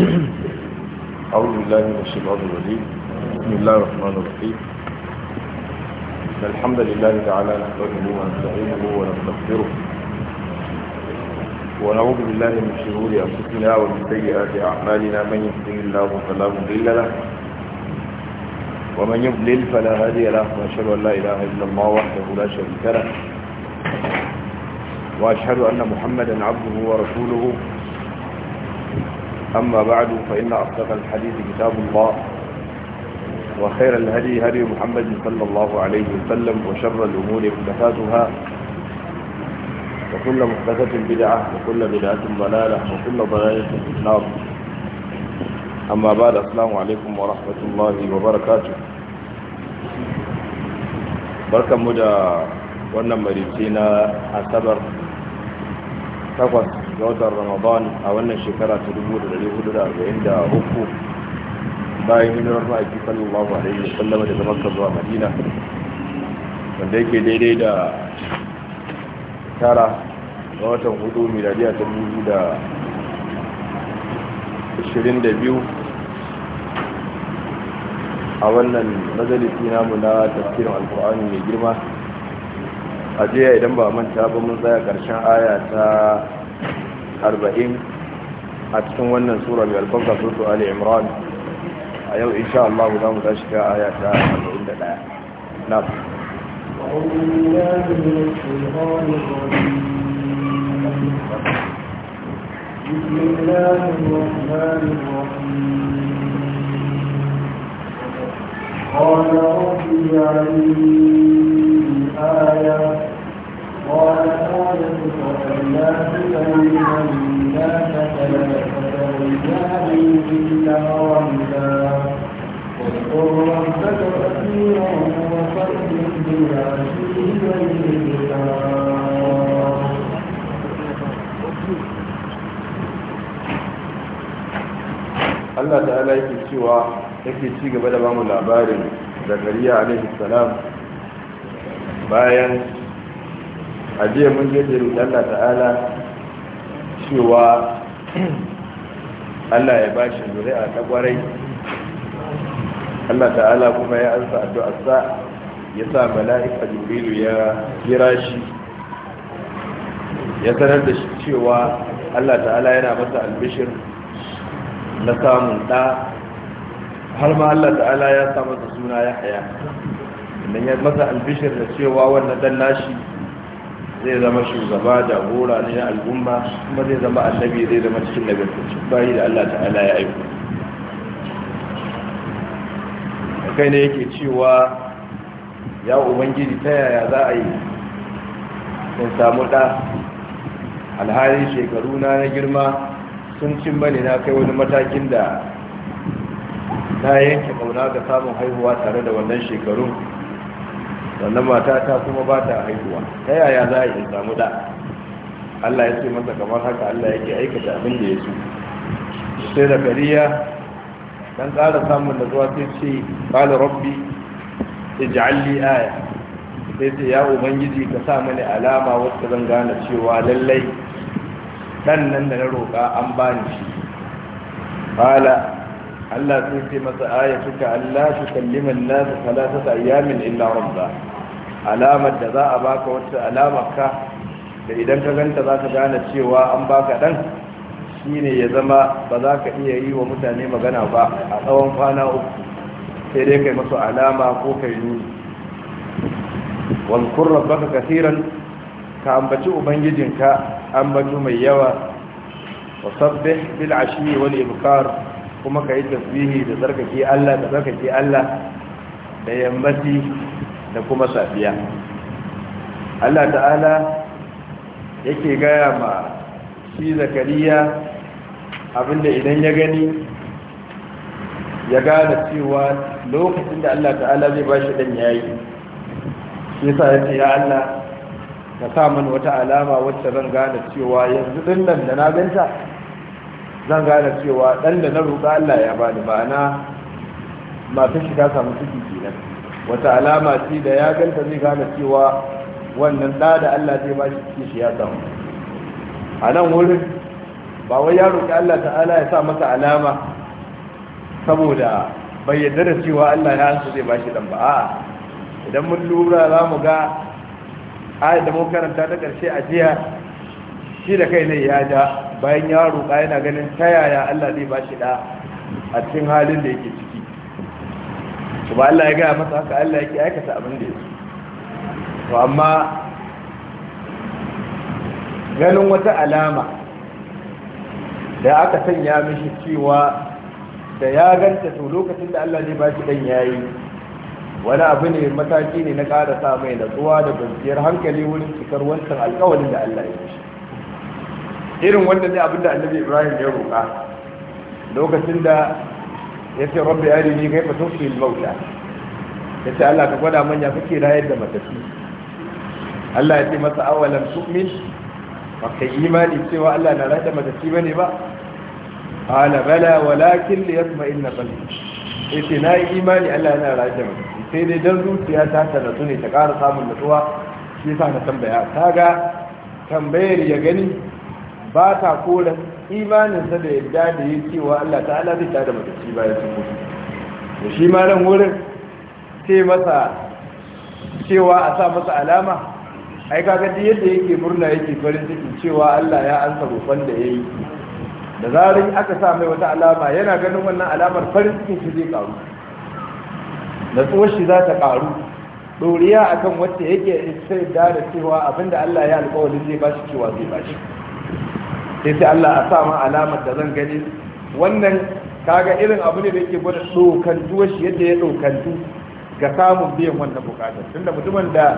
أعوذ بالله من الشيطان الرجيم بسم الله الرحمن الرحيم الحمد لله تعالى نحمده ونستعينه ونستغفره ونعوذ بالله من شرور أنفسنا ومن سيئات أعمالنا من يهده الله فلا مضل له ومن يضلل فلا هادي له وأشهد أن لا إله إلا الله وحده لا شريك له وأشهد أن محمدا عبده ورسوله أما بعد فإن أصدق الحديث كتاب الله وخير الهدي هدي محمد صلى الله عليه وسلم وشر الأمور محدثاتها وكل محدثة بدعة وكل بدعة ضلالة وكل ضلالة في النار أما بعد السلام عليكم ورحمة الله وبركاته بركة مدى ونمريتينا marici تقوى ga watan ramadan a wannan shekara ta 1443 bayan hijirar ma'aiki sallallahu alaihi sallama daga makka zuwa madina wanda yake daidai da tara ga watan hudu miladiya ta biyu a wannan majalisi namu na tafsirin alkur'ani mai girma a jiya idan ba manta ba mun tsaya ƙarshen aya ta arba'in a cikin wannan sura mai albarka surtu ali imran a yau insha Allah za mu tashi ta aya ta arba'in da ɗaya na بسم الله الرحمن الرحيم قال رب Allah ta'ala yake cewa yake ci gaba da bamu labarin zakariya alaihi salam bayan ajiye mun je da Allah ta'ala cewa Allah ya ba bashi zuri'a ta kwarai Allah ta'ala kuma ya ansa addu'arsa ya sa mala'ika jibrilu ya kira shi ya sanar da shi cewa allah ta'ala yana masa albishir na samun ɗa har ma allah ta'ala ya sa masa suna ya haya idan ya masa albishir da cewa wannan dan nashi zai zama shugaba gora ne na al'umma kuma zai zama annabi zai zama cikin nagartaccen bayi da allah ta'ala ya aiko kai ne yake cewa ya ubangiji ta yaya za a yi in samu ɗa alhalin shekaru na na girma sun cin bane na kai wani matakin da na yanke kauna ga samun haihuwa tare da wannan shekaru Wannan mata kuma ba ta haihuwa ta yaya za a yi in samu ɗa allah ya ce masa kamar haka allah yake aikata abin da ya su sai da kariya dan ƙara samun da zuwa sai ce ƙala rabbi ij'alli aya sai sai ya ubangiji ka sa mani alama wacce zan gane cewa lallai dan nan da na roƙa an bani shi qala Allah sai sai masa suka Allah tukallima an-nas thalathata ayyamin illa rabba alamar da za a baka wacce alamar ka da idan ka ganta za ka gane cewa an baka dan shine ya zama ba za ka iya yi wa mutane magana ba a tsawon kwana uku sai dai kai masu alama ko kai nuni wankur rabbaka kasiran ka ambaci ubangijinka ambaci mai yawa wa sabbih bil ashi wal ibkar kuma kai tasbihi da zarkake Allah da zarkake Allah da yammaci da kuma safiya Allah ta'ala yake gaya ma shi zakariya abinda idan ya gani ya gane cewa lokacin da Allah ta'ala zai ba shi ɗan yayi shi sa ya ce ya Allah ka sa min wata alama wacce zan gane cewa yanzu ɗin nan da na ganta zan gane cewa ɗan da na roƙa Allah ya bani bana na masu shiga samu ciki kenan wata alama ce da ya ganta zai gane cewa wannan ɗa da Allah zai ba shi ciki shi ya samu a nan wurin ba wai ya roƙi Allah ta'ala ya sa masa alama saboda bayyana da cewa Allah ya hansu zai bashi dan ba a idan mun lura za mu ga ayat da mun karanta ta ƙarshe a jiya shi da kai ne ya ja bayan ya roƙa yana ganin ta yaya Allah zai bashi da a cikin halin da yake ciki to ba Allah ya gaya masa haka Allah yake aikata abin da yake to amma ganin wata alama da aka sanya mishi cewa da ya ganta to lokacin da Allah zai ba shi dan yayi wani abu ne mataki ne na ƙara sa mai natsuwa da kwanciyar hankali wurin cikar wancan alƙawarin da Allah ya yi irin wanda ne abin da annabi ibrahim ya roƙa lokacin da ya ce rabbi arini kaifa tuhyil mauta ya ce Allah ka gwada manya kake rayar da matafi Allah ya ce masa awalan tu'min ba kai imani cewa Allah na rayar da matafi bane ba qala bala walakin li yatma'inna qalbi yace na yi imani Allah yana rajin sai dai dan zuciya ta ta natsu ne ta ƙara samun nutsuwa shi sa na tambaya ga tambayar ya gani ba ta kora imaninsa da yadda da ya cewa Allah ta'ala zai tada matacci bayan sun mutu da shi ma nan wurin ce masa cewa a sa masa alama ai kaga duk yadda yake murna yake farin ciki cewa Allah ya ansa roƙon da yi. da zarin aka sa mai wata alama yana ganin wannan alamar farin cikin shi zai karu natsuwar shi za ta karu ɗoriya akan wacce yake sai da da cewa abinda Allah ya alƙawari zai bashi cewa zai bashi sai sai Allah a sa ma alamar da zan gani wannan kaga irin abu ne da yake gwada tuwa shi yadda ya tu ga samun biyan wannan bukatar tunda mutumin da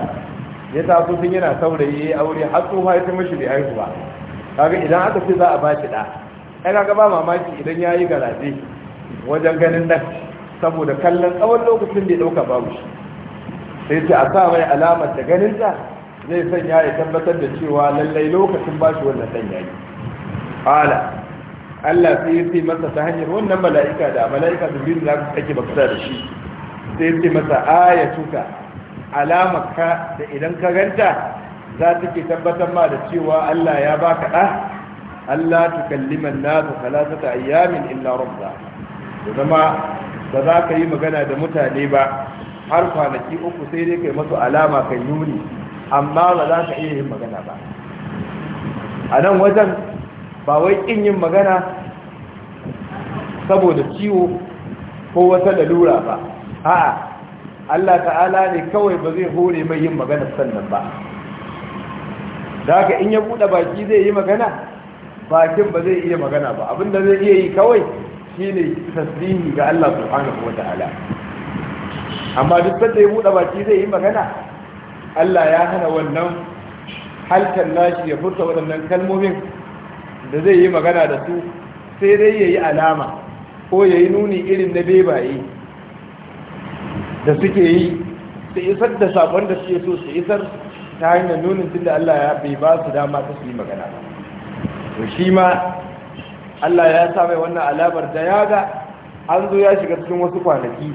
ya taso sun yana saurayi aure har tsohon ya ta mashi bai haihu ba kaga idan aka ce za a ba shi da ya ga mamaki idan ya yi garaje wajen ganin nan saboda kallon tsawon lokacin da ya ɗauka babu shi sai ce a sa mai alamar da ganin ta zai sanya ya tabbatar da cewa lallai lokacin ba shi wannan ɗan yayi ala Allah sai ya masa ta hanyar wannan mala'ika da mala'ika da biyu za ka ake kusa da shi sai yi masa aya tuka, alamar ka da idan ka ganta za ta ke tabbatar ma da cewa Allah ya baka ɗa Allah ta kalliman nasu talatata ayyamin illa rabba da zama ba za ka yi magana da mutane ba har kwanaki uku sai dai kai masu alama kan yuni amma ba za ka iya yin magana ba a nan wajen ba wai kin yin magana saboda ciwo ko wata lalura ba a'a Allah ta'ala ne kawai ba zai hore mai yin magana sannan ba da haka in ya buɗe baki zai yi magana bakin ba zai iya magana ba abin da zai iya yi kawai shine tasbihi ga Allah subhanahu wataala amma duk sanda ya buɗe baki zai yi magana Allah ya hana wannan halkan nashi ya furta waɗannan kalmomin da zai yi magana da su sai dai ya yi alama ko ya yi nuni irin na bebaye da suke yi su isar da sabon da suke so su isar ta hanyar nunin tunda Allah ya bai ba su dama su yi magana ba to shi ma Allah ya sa mai wannan alamar da ya ga an zo ya shiga cikin wasu kwanaki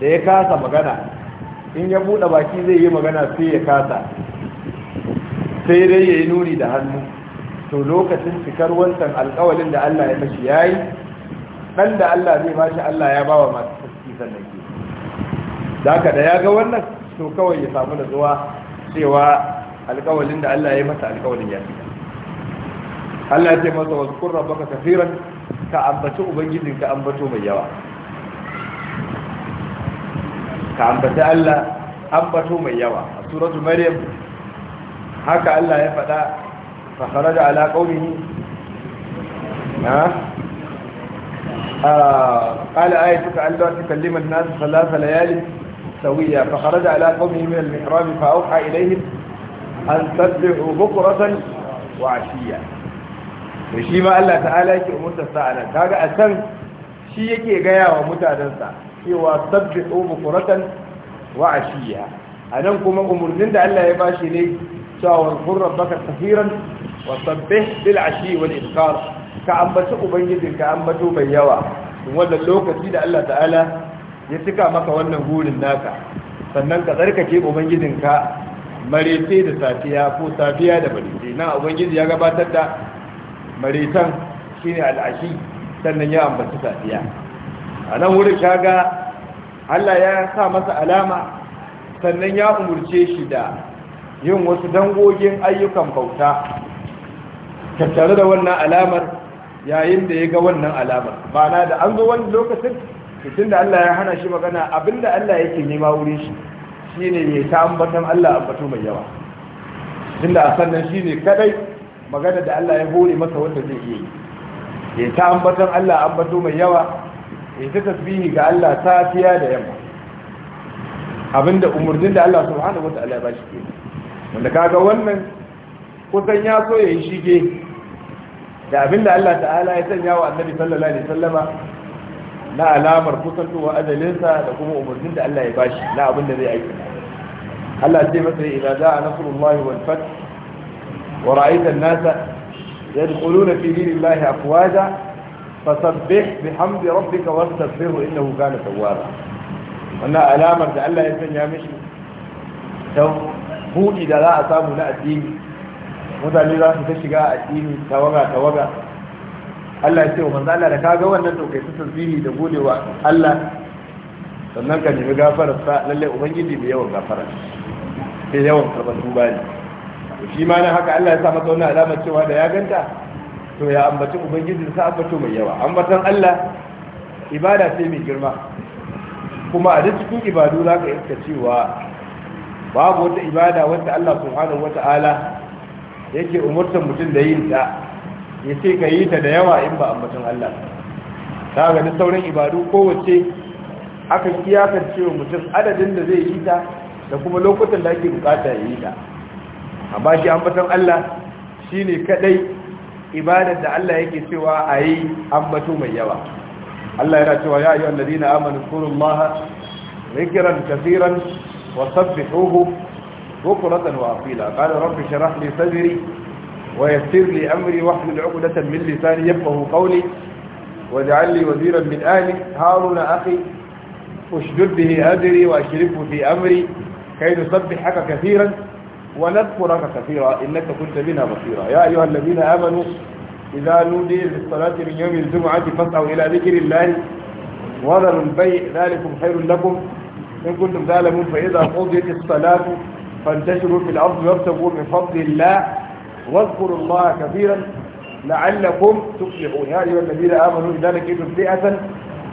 da ya kasa magana in ya buɗe baki zai yi magana sai ya kasa sai dai ya yi nuni da hannu to lokacin cikar wancan alkawalin da Allah ya mashi ya yi ɗan da Allah zai ba shi Allah ya ba wa masu taski sannan ke da ka da ya ga wannan to kawai ya samu da zuwa cewa alkawalin da Allah ya yi masa alkawalin ya fi Allah ya ce masa wasu kurra baka kafiran ka ambaci ubangijin ka ambato mai yawa ka ambaci Allah ambato mai yawa a suratu maryam haka Allah ya faɗa fa kharaja ala qaumihi ha قال آيتك ألا تكلم الناس ثلاث ليال سوية فخرج على قومه من المحراب فأوحى إليهم أن تتبعوا بكرة وعشية to shi ma Allah ta'ala yake umurta sa'ala kaga a san shi yake gaya wa mutanensa cewa sabbihu bukuratan wa ashiya anan kuma umurnin da Allah ya bashi ne cewa wazkur rabbaka kaseeran wa sabbih bil ashi wal ibkar ka ambaci ubangijin ka ambato mai yawa tun wannan lokaci da Allah ta'ala ya cika maka wannan gurin naka sannan ka tsarkake ubangijin ka marece da safiya ko safiya da marece na ubangiji ya gabatar da maritan ne al'ashi sannan ya ambaci safiya a nan wurin kaga Allah ya sa masa alama sannan ya umurce shi da yin wasu dangogin ayyukan bauta tattare da wannan alamar yayin da ya ga wannan alamar na da an zo wani lokacin mutum da Allah ya hana shi magana abinda Allah yake nema wurin shi shi ne ta ambatan Allah ambato mai yawa da a sannan ne kadai magana da Allah ya hore masa wanda zai iya yi ya ta ambatan Allah ambato mai yawa ya ta tasbihi ga Allah safiya da yamma abinda umurnin da Allah subhanahu ta'ala ya bashi ke wanda kaga wannan kusan ya so ya yi shige da abinda Allah ta'ala ya sanya wa annabi sallallahu alaihi wasallama na alamar kusantowa ajalinsa da kuma umurnin da Allah ya bashi na abinda zai aiki Allah ya ce masa idza za'a nasrullahi wal fath ورأيت الناس يدخلون في دين الله أفواجا فسبح بحمد ربك واستغفره إنه كان توابا wannan alamar da Allah ya sanya mishi ta buɗi da za a samu na addini mutane za su ta shiga addini tawaga tawaga Allah ya ce wa manzo Allah da kaga wannan to kai ta tasbihi da godewa Allah sannan ka nemi gafarar sa lalle ubangiji bai yawan gafara sai yawan karɓar tuba ne shi ma na haka Allah ya sa masa wani alamar cewa da ya ganta to ya ambaci ubangijin sa ambato mai yawa ambatan Allah ibada sai mai girma kuma a cikin ibadu za ka iska cewa babu wata ibada wanda Allah subhanahu ta'ala yake umurtar mutum da yin ta ya ce ka yi ta da yawa in ba ambatan Allah ta gani sauran ibadu kowace akan iyakar cewa mutum adadin da zai yi ta da kuma lokutan da ake bukata ya yi ta a bashi ambaton Allah shine kadai ibadar da Allah yake cewa ayi ambato mai yawa Allah yana cewa ya ayyuhal ladina amanu kurullaha zikran kaseeran wa sabbihuhu bukratan wa asila qala rabbi shrah li sadri wa yassir li amri wa hlul 'uqdatan min lisani yafqahu qawli waj'al li waziran min ahli haruna akhi ushdud bihi adri wa ashrifu fi amri kay nusabbihaka kaseeran ونذكرك كثيرا إنك كنت بنا بصيرا يا أيها الذين آمنوا إذا نودي للصلاة من يوم الجمعة فاسعوا إلى ذكر الله وذروا البيع ذلكم خير لكم إن كنتم تعلمون فإذا قضيت الصلاة فانتشروا في الأرض وابتغوا من فضل الله واذكروا الله كثيرا لعلكم تفلحون يا أيها الذين آمنوا إذا لقيتم فئة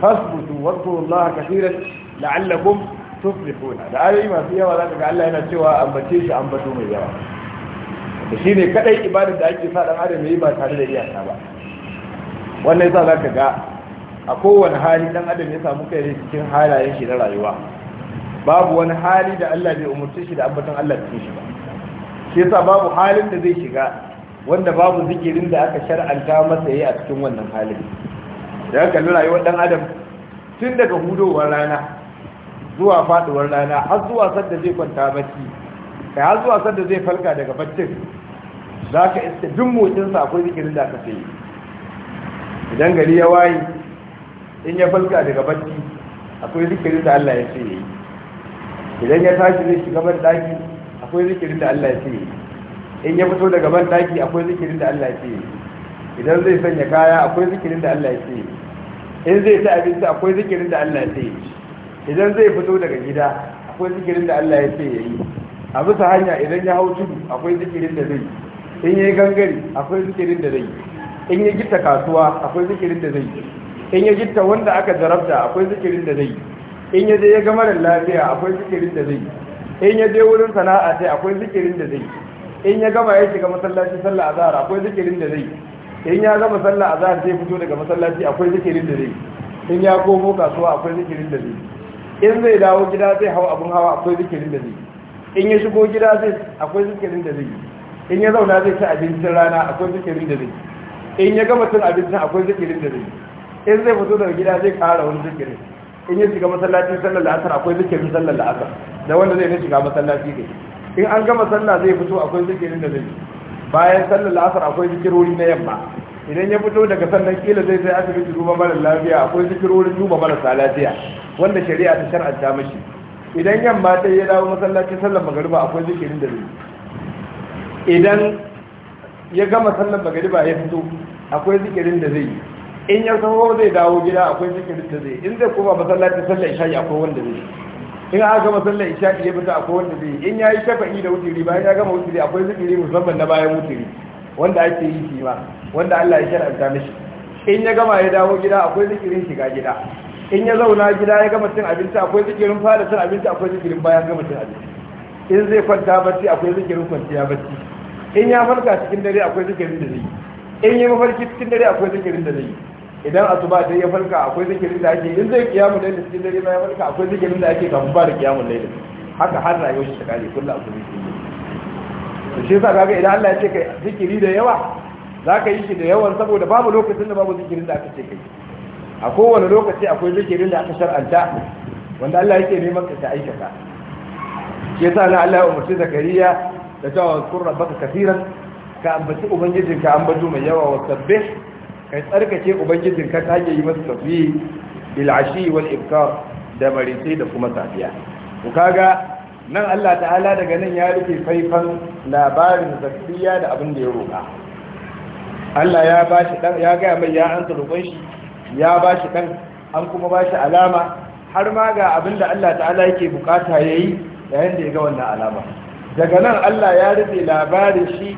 فاثبتوا واذكروا الله كثيرا لعلكم tuflihuna da ayoyi masu yawa za ka ga Allah yana cewa ambace shi ambato mai yawa da shi kadai ibadar da ake sa dan adam yayi ba tare da iyaka ba wannan yasa za ka ga a kowane hali dan adam ya samu kai cikin halayen shi na rayuwa babu wani hali da Allah bai umurce shi da ambaton Allah cikin shi ba shi yasa babu halin da zai shiga wanda babu zikirin da aka shar'anta masa yayi a cikin wannan halin da ka lura rayuwar dan adam tun daga hudowar rana zuwa faduwar rana har zuwa sanda zai kwanta bacci kai har zuwa sanda zai falka daga baccin za ka iska motsin sa akwai zikirin da aka yi idan gari ya waye in ya falka daga bacci akwai zikirin da Allah ya ce yi idan ya tashi zai shiga ban daki akwai zikirin da Allah ya ce yi in ya fito daga ban daki akwai zikirin da Allah ya ce yi idan zai sanya kaya akwai zikirin da Allah ya ce yi in zai ta abinci akwai zikirin da Allah ya ce yi idan zai fito daga gida akwai zikirin da Allah ya ce ya yi a bisa hanya idan ya hau tudu akwai zikirin da zai in ya yi gangare akwai zikirin da zai in ya gitta kasuwa akwai zikirin da zai in ya gitta wanda aka jarabta akwai zikirin da zai in ya je ya ga marar lafiya akwai zikirin da zai in ya je wurin sana'a sai akwai zikirin da zai in ya gama ya shiga masallaci sallah azhar akwai zikirin da zai in ya gama sallah azhar sai fito daga masallaci akwai zikirin da zai in ya komo kasuwa akwai zikirin da zai in zai dawo gida zai hawa abun hawa akwai zikirin da zai in ya shigo gida zai akwai zikirin da zai in ya zauna zai ci abincin rana akwai zikirin da zai in ya gama cin abincin akwai zikirin da zai in zai fito daga gida zai kara wani zikirin in ya shiga masallacin sallar la'asar akwai zikirin sallar la'asar da wanda zai na shiga masallaci da in an gama sallah zai fito akwai zikirin da zai bayan sallar la'asar akwai zikirori na yamma idan ya fito daga sannan kila zai sai asibiti duba mara lafiya akwai zikirorin duba marasa lafiya wanda shari'a ta shar'anta mashi idan yamma ta ya dawo masallaci sallar magariba akwai zikirin da zai idan ya gama sallar magariba ya fito akwai zikirin da zai in ya saho zai dawo gida akwai zikirin da zai in zai koma masallaci sallar isha'i akwai wanda zai in aka gama sallar isha'i ya fito akwai wanda zai in ya yi shafa'i da wuturi bayan ya gama wuturi akwai zikiri musamman na bayan wuturi wanda ake yi shi ma wanda Allah ya shar'anta mishi in ya gama ya dawo gida akwai zikirin shiga gida in ya zauna gida ya gama cin abinci akwai zikirin fara cin abinci akwai zikirin bayan gama cin abinci in zai kwanta bacci akwai zikirin kwanciya bacci in ya farka cikin dare akwai zikirin da zai yi in ya mafarki cikin dare akwai zikirin da zai yi idan asuba dai ya farka akwai zikirin da ake in zai kiyamu laili cikin dare ya farka akwai zikirin da ake kafin fara kiyamu laili haka har rayuwar shi ta kare kullu akwai zikirin shi yasa kaga idan Allah ya ce ka zikiri da yawa zaka yi shi da yawan saboda babu lokacin da babu zikirin da aka ce kai a kowane lokaci akwai zikirin da aka shar'anta wanda Allah yake neman ka ta aikata shi yasa na Allah ya umarci Zakariya da cewa kun rabbaka kafiran ka ambaci ubangijinka ambato mai yawa wa sabbih kai tsarkake ubangijinka ta yi masa tafi bil ashi wal ibkar da marisai da kuma safiya ku kaga nan Allah ta'ala daga nan ya rike faifan labarin zakariya da abin da ya roƙa Allah ya ba shi dan ya ga mai ya an roƙon shi ya ba shi dan an kuma ba shi alama har ma ga abin da Allah ta'ala yake bukata yayi yayin da ya ga wannan alama daga nan Allah ya rufe labarin shi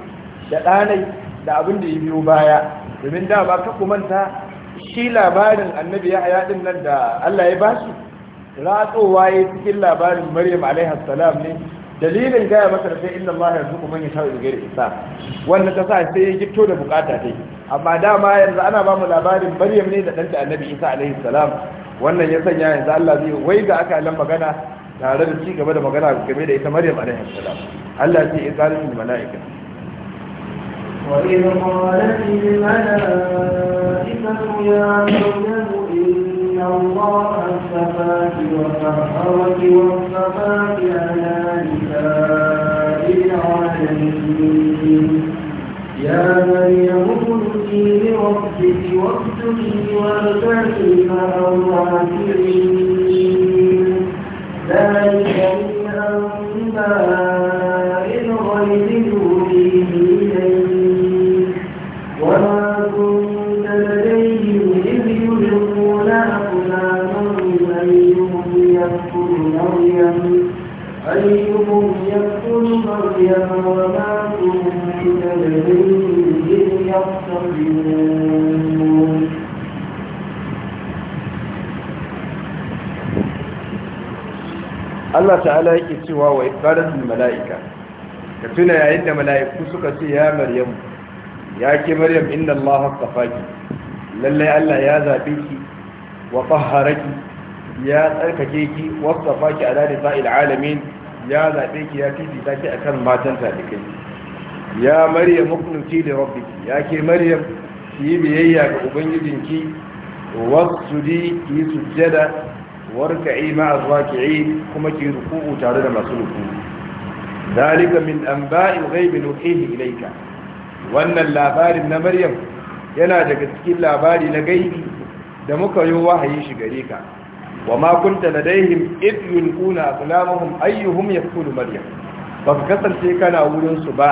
da ɗanai da abin da ya biyo baya domin da ba ka kumanta shi labarin annabi ya haya nan da Allah ya ba shi ratsowa ya cikin labarin maryam alaihi salam ne dalilin gaya masa da sai inna Allah ya zuku man yasha da gairi isa wannan ta sa sai ya gito da bukata dai amma dama yanzu ana ba mu labarin maryam ne da danta annabi isa alaihi salam wannan ya sanya yanzu Allah zai waiga akalan magana tare da ci gaba da magana game da ita maryam alaihi salam Allah ya ce izalin malaika وإذ قالت الملائكة يا مريم إن الله السماء والأرض والسماء على نساء العالمين يا مريم قلتي لربك واسجدي وارتقي مع الراكعين ذلك من أنباء Allah ta'ala yake cewa wa iqalatul mala'ika ka tuna yayin da mala'iku suka ce ya maryam ya ke maryam inna Allah astafaki lalle Allah ya zabe ki wa tahharaki ya tsarkake ki wa astafaki ala nisa'il alamin ya zabe ki ya fifita ki akan matan talikai ya maryam hukunci da rabbiki ya ke maryam ki yi biyayya ga ubangijinki wasudi ki sujjada zuwa ki raki'i kuma ki ruku'u tare da masu ruku'u zalika min anba'il ghaibi nuhihi ilayka wannan labarin na maryam yana daga cikin labari na gaibi da muka yi wahayi shi gare ka wa ma kunta ladaihim id yulquna aqlamuhum ayyuhum yakulu maryam ba ka kasance kana wurin su ba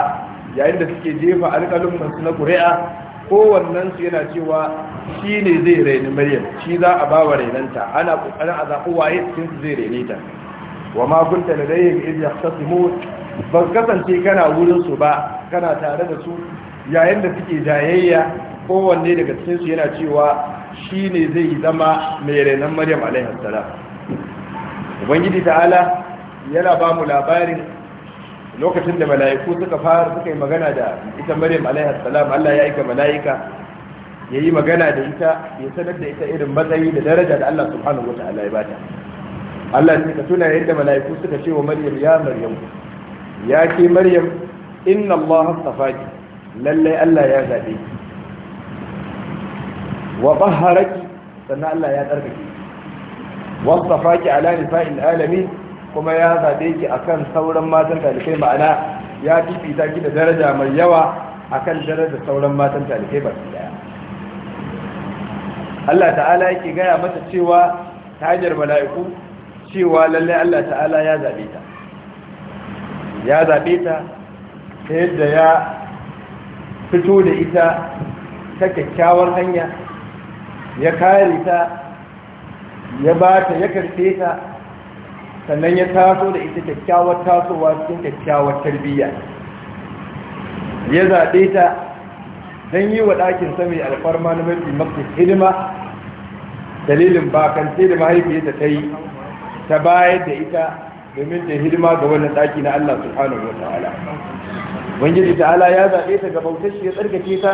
yayin da suke jefa alƙalin su na ƙuri'a kowannen su yana cewa shi ne zai raini maryam shi za a ba wa rainanta ana kokari a zaɓi waye cikin zai raini ta wa ma kunta da dai ga ibi mu ba kasance kana wurin su ba kana tare da su yayin da suke jayayya kowanne daga cikin su yana cewa shi ne zai zama mai rainan maryam alaihi salam ubangiji ta'ala yana ba mu labarin lokacin da mala'iku suka fara suka yi magana da ita maryam alaihi salam Allah ya aika mala'ika ya yi magana da ita ya sanar da ita irin matsayi da daraja da Allah subhanahu wata'ala ya bata Allah ya tuna yadda mala'iku suka ce wa maryam ya maryam ya ke maryam inna Allah astafaki lalle Allah ya zabe ki wa tahharaki sannan Allah ya tsarkake ki wasafaki ala nisa'il alamin kuma ya zaɓe ki a kan sauran matan talibai ma'ana ya fifita ki da daraja mai yawa a akan darajar sauran matan talibai ba su daya Allah ta'ala yake gaya mata cewa ta hanyar mala'iku cewa lallai Allah ta'ala ya zaɓe ta ya zaɓe ta ta yadda ya fito da ita ta kyakkyawar hanya ya kare ta ya ba ta ya karfe ta sannan ya taso da ita kyakkyawar tasowa cikin kyakkyawar tarbiyya ya zaɓe ta don yi wa ɗakin sami alfarma na mafi mafi hidima dalilin bakance da mahaifiyarta ta yi ta bayar da ita domin ta hidima ga wannan ɗaki na Allah subhanahu wa ta'ala wangiji ta'ala ya zaɓe ta ga bautar shi ya tsarkake ta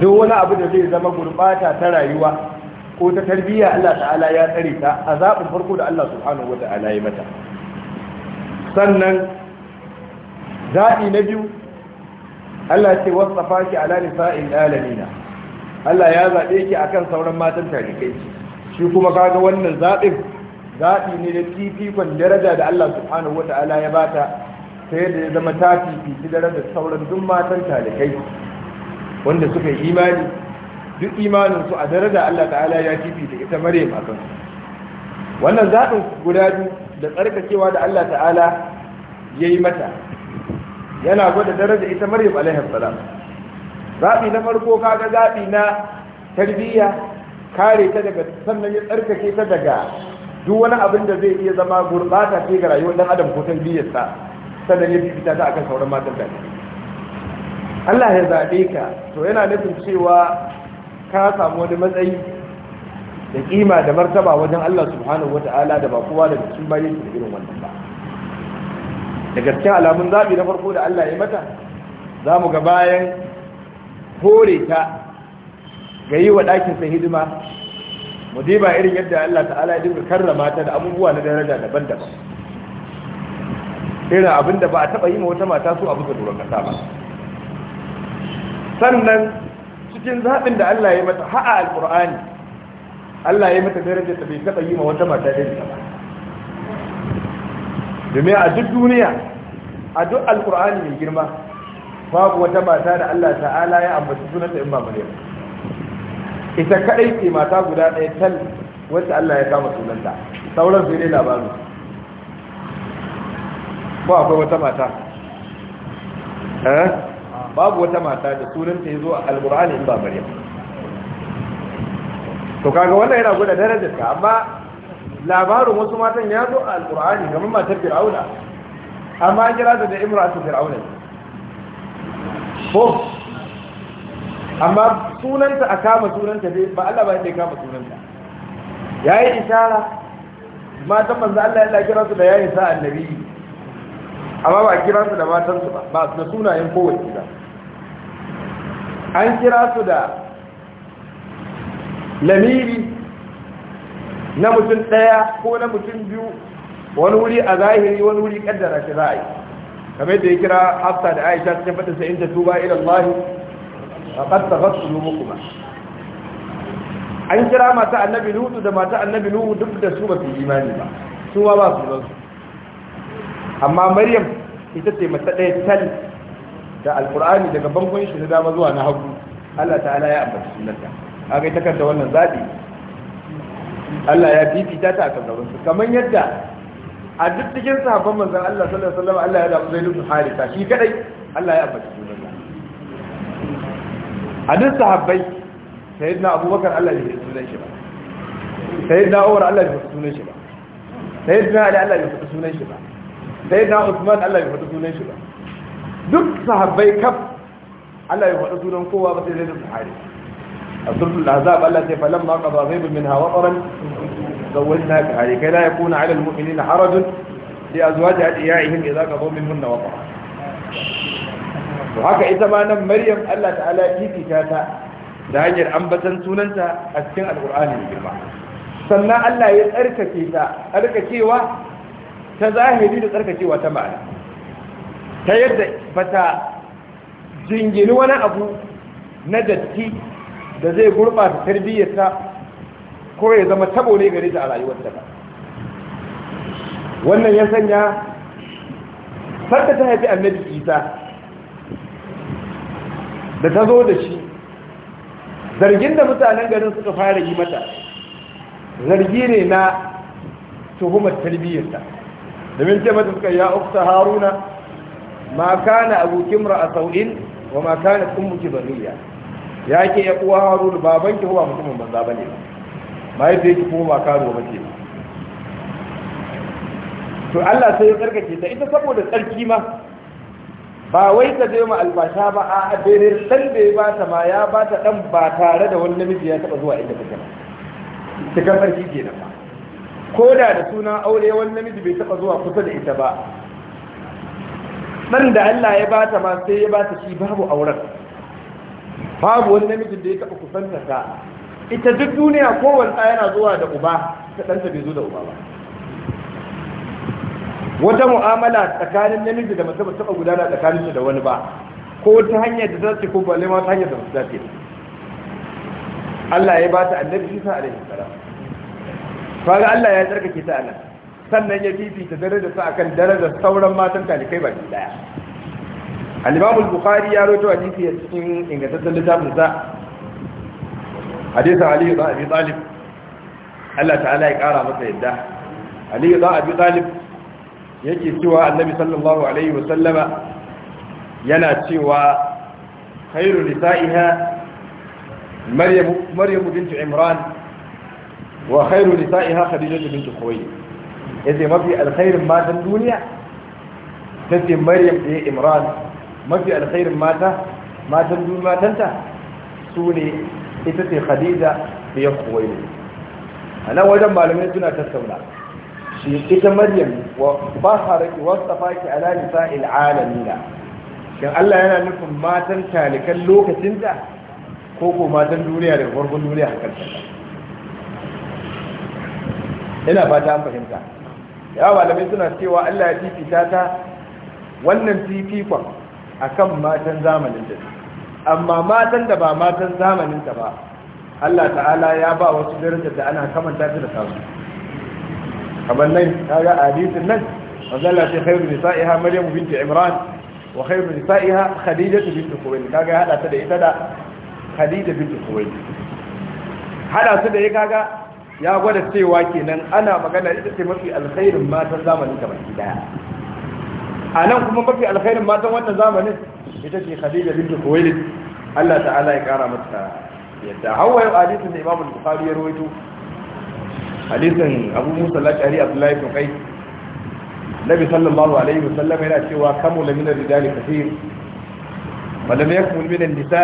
duk wani abu da zai zama gurɓata ta rayuwa ko ta tarbiyya Allah ta'ala ya tsare ta a zaɓin farko da Allah subhanahu wa ta'ala ya mata sannan zaɓi na biyu Allah ce wasu ki ala nisa'il alamina Allah ya zaɓe ki akan sauran matan tarikai shi kuma kaga wannan zaɓin zaɓi ne da fifikon daraja da Allah subhanahu wa ta'ala ya bata sai da ya zama ta fifici daraja sauran duk matan talikai wanda suka yi imani duk imaninsu a daraja Allah ta'ala ya kifi da ita maryam a kan wannan zaɓin guda biyu da tsarkakewa da Allah ta'ala ya yi mata yana gwada daraja ita maryam alaihi salam zaɓi na farko kaga zaɓi na tarbiyya kare ta daga sannan ya tsarkake ta daga duk wani abin da zai iya zama gurbata ce ga rayuwar dan adam ko sa, sannan ya fifita ta akan sauran matan da Allah ya zaɓe ka to yana nufin cewa ka samu wani matsayi da kima da martaba wajen Allah subhanahu wata'ala da ba kowa da cikin bayan su da irin wannan ba da gaskiya alamun zaɓi na farko da Allah ya mata za mu ga bayan hore ta ga yi wa ɗakinsa hidima mu diba irin yadda Allah ta'ala ya dinga karrama ta da abubuwa na daraja daban-daban irin abin da ba a taɓa yi wa wata mata su a bisa doron kasa ba sannan cikin zaɓin da Allah ya mata ha'a alƙur'ani Allah ya mata darajar da bai taɓa yi ma wata mata ɗaya ba domin a duk duniya a duk alƙur'ani mai girma babu wata mata da Allah ta'ala ya ambaci sunanta in ba Maryam ita kadai ce mata guda ɗaya tal wacce Allah ya kama sunanta sauran sai dai labarin ko akwai wata mata eh babu wata mata da sunanta ya zo a alkur'ani in ba maryam to kaga wannan yana gwada darajar ka amma labarin wasu matan ya zo a alkur'ani kamar matar fir'auna amma an kira ta da imratu fir'auna ko amma sunanta a kama sunanta dai ba Allah ba yadda ya kama sunanta yayi isara matan manzo Allah ya kira su da yayi sa annabi amma ba a kira su da matansu ba ba da sunayen kowace ba an kira su da lamiri na mutum ɗaya ko na mutum biyu wani wuri a zahiri wani wuri kaddara shi za a yi kamar yadda ya kira hafsa da aisha cikin faɗin sa'in ta tuba idan Allah a ƙasta gasu lumu kuma an kira mata annabi lutu da mata annabi lutu duk da su ba su imani ba su ba ba su zan su amma maryam ita ce mace ɗaya tal da alkur'ani daga bangon shi na dama zuwa na hagu Allah ta'ala ya ambaci sunanta a kai takarda wannan zaɓi Allah ya fifita ta a kan gabansu kamar yadda a duk cikin sahabban manzon Allah sallallahu alaihi wasallam Allah ya da zai ibn Haritha shi kadai Allah ya ambaci sunanta a duk sahabbai sayyidina Abubakar Allah ya fifita sunan shi ba sayyidina Umar Allah ya fifita sunan shi ba sayyidina Ali Allah ya fifita sunan shi ba sai na usman allah ya faɗi sunan shi ba duk sahabbai kaf allah ya faɗi sunan kowa ba sai zai da sahari a surtul azab allah sai falan ma zai zaibun min hawa qaran na ka hari kai la yakuna ala al mu'minina harajun li azwaji adiyaihim idza qadaw minhunna waqara to haka ita ma nan maryam allah ta'ala fifita ta da hanyar ambatan sunanta a cikin alqur'ani girma sannan allah ya tsarkake ta tsarkakewa ta zahiri da tsarkacewa ta ma'ana ta yadda ba ta jingini wani abu na datti da zai gurɓata tarbiyyarta, ko ya zama tabo ne gare ta a ta ba wannan ya sanya sarka ta haifi annabi isa da ta zo da shi zargin da mutanen garin suka fara yi mata zargi ne na tuhumar tarbiyyarta domin ce mata suka ya ukta haruna ma kana abokin ra'a sau'in wa ma kana ummuki bariya ya ke ya uwa haruna baban ki kuma mutumin banza ne ba mahaifiyar ki kuma ba mace ba to Allah sai ya tsarkake ta ita saboda tsarki ma ba wai ka je ma albasha ba a abirin dan da ya bata ma ya bata dan ba tare da wani namiji ya taba zuwa inda ta ba cikin tsarki kenan ba ko da da sunan aure wani namiji bai taɓa zuwa kusa da ita ba ɗan da Allah ya ba ta ma sai ya ba ta shi babu auren babu wani namijin da ya taba kusanta ta ita duk duniya kowane ɗaya yana zuwa da uba ta ɗanta bai zo da uba ba wata mu'amala tsakanin namiji da mace ba taɓa gudana tsakanin da wani ba ko ta hanyar da za ce ko balle ma ta hanyar da ba su dace Allah ya ba ta annabi Isa alaihi salam kaga Allah ya tsarkake ta anan sannan ya fifita darajar sa akan darajar sauran matan talikai baki daya al-Imam al-Bukhari ya rawaito hadisi a cikin ingantaccen littafin sa hadisi Ali ibn Abi Talib Allah ta'ala ya kara masa yadda Ali ibn Abi Talib yake cewa Annabi sallallahu alaihi wa sallama yana cewa khairu nisa'iha Maryam Maryam bint Imran wa khairu nisa'iha khadijatu bint khuwaylid yace mafi alkhairin matan duniya tace maryam da imran mafi alkhairin mata matan duniya matanta sune ita ce khadija da khuwaylid ana wajen malamai suna tattauna shi ita maryam wa baharaki wasafaki ala nisa'il alamina shin Allah yana nufin matan talikan lokacinta ko ko matan duniya daga farkon duniya har ƙarshen ina fata an fahimta yawa malamai suna cewa Allah ya fifita ta wannan fifikon akan matan zamanin da amma matan da ba matan zamanin ta ba Allah ta'ala ya ba wasu darajar da ana kamanta ta da kasu. kamar nan kaga hadisin nan wazalla ta khairu nisa'iha maryam binti imran wa khairu nisa'iha khadija binti khuwaylid kaga ya hada ta da ita da khadija binti khuwaylid hada su da ya kaga ya gwada cewa kenan ana magana ita ce mafi alkhairin matan zamanin gaba daya a nan kuma mafi alkhairin matan wannan zamanin ita ce khadija bintu kuwait Allah ta'ala ya kara mata yadda hawa yau hadisin da Imam Bukhari ya rawaito hadisin Abu Musa al-Ash'ari Abdullah ibn Qais Nabi sallallahu alaihi wasallam yana cewa kamula min ar-rijal kathir wa lam yakmul min an-nisa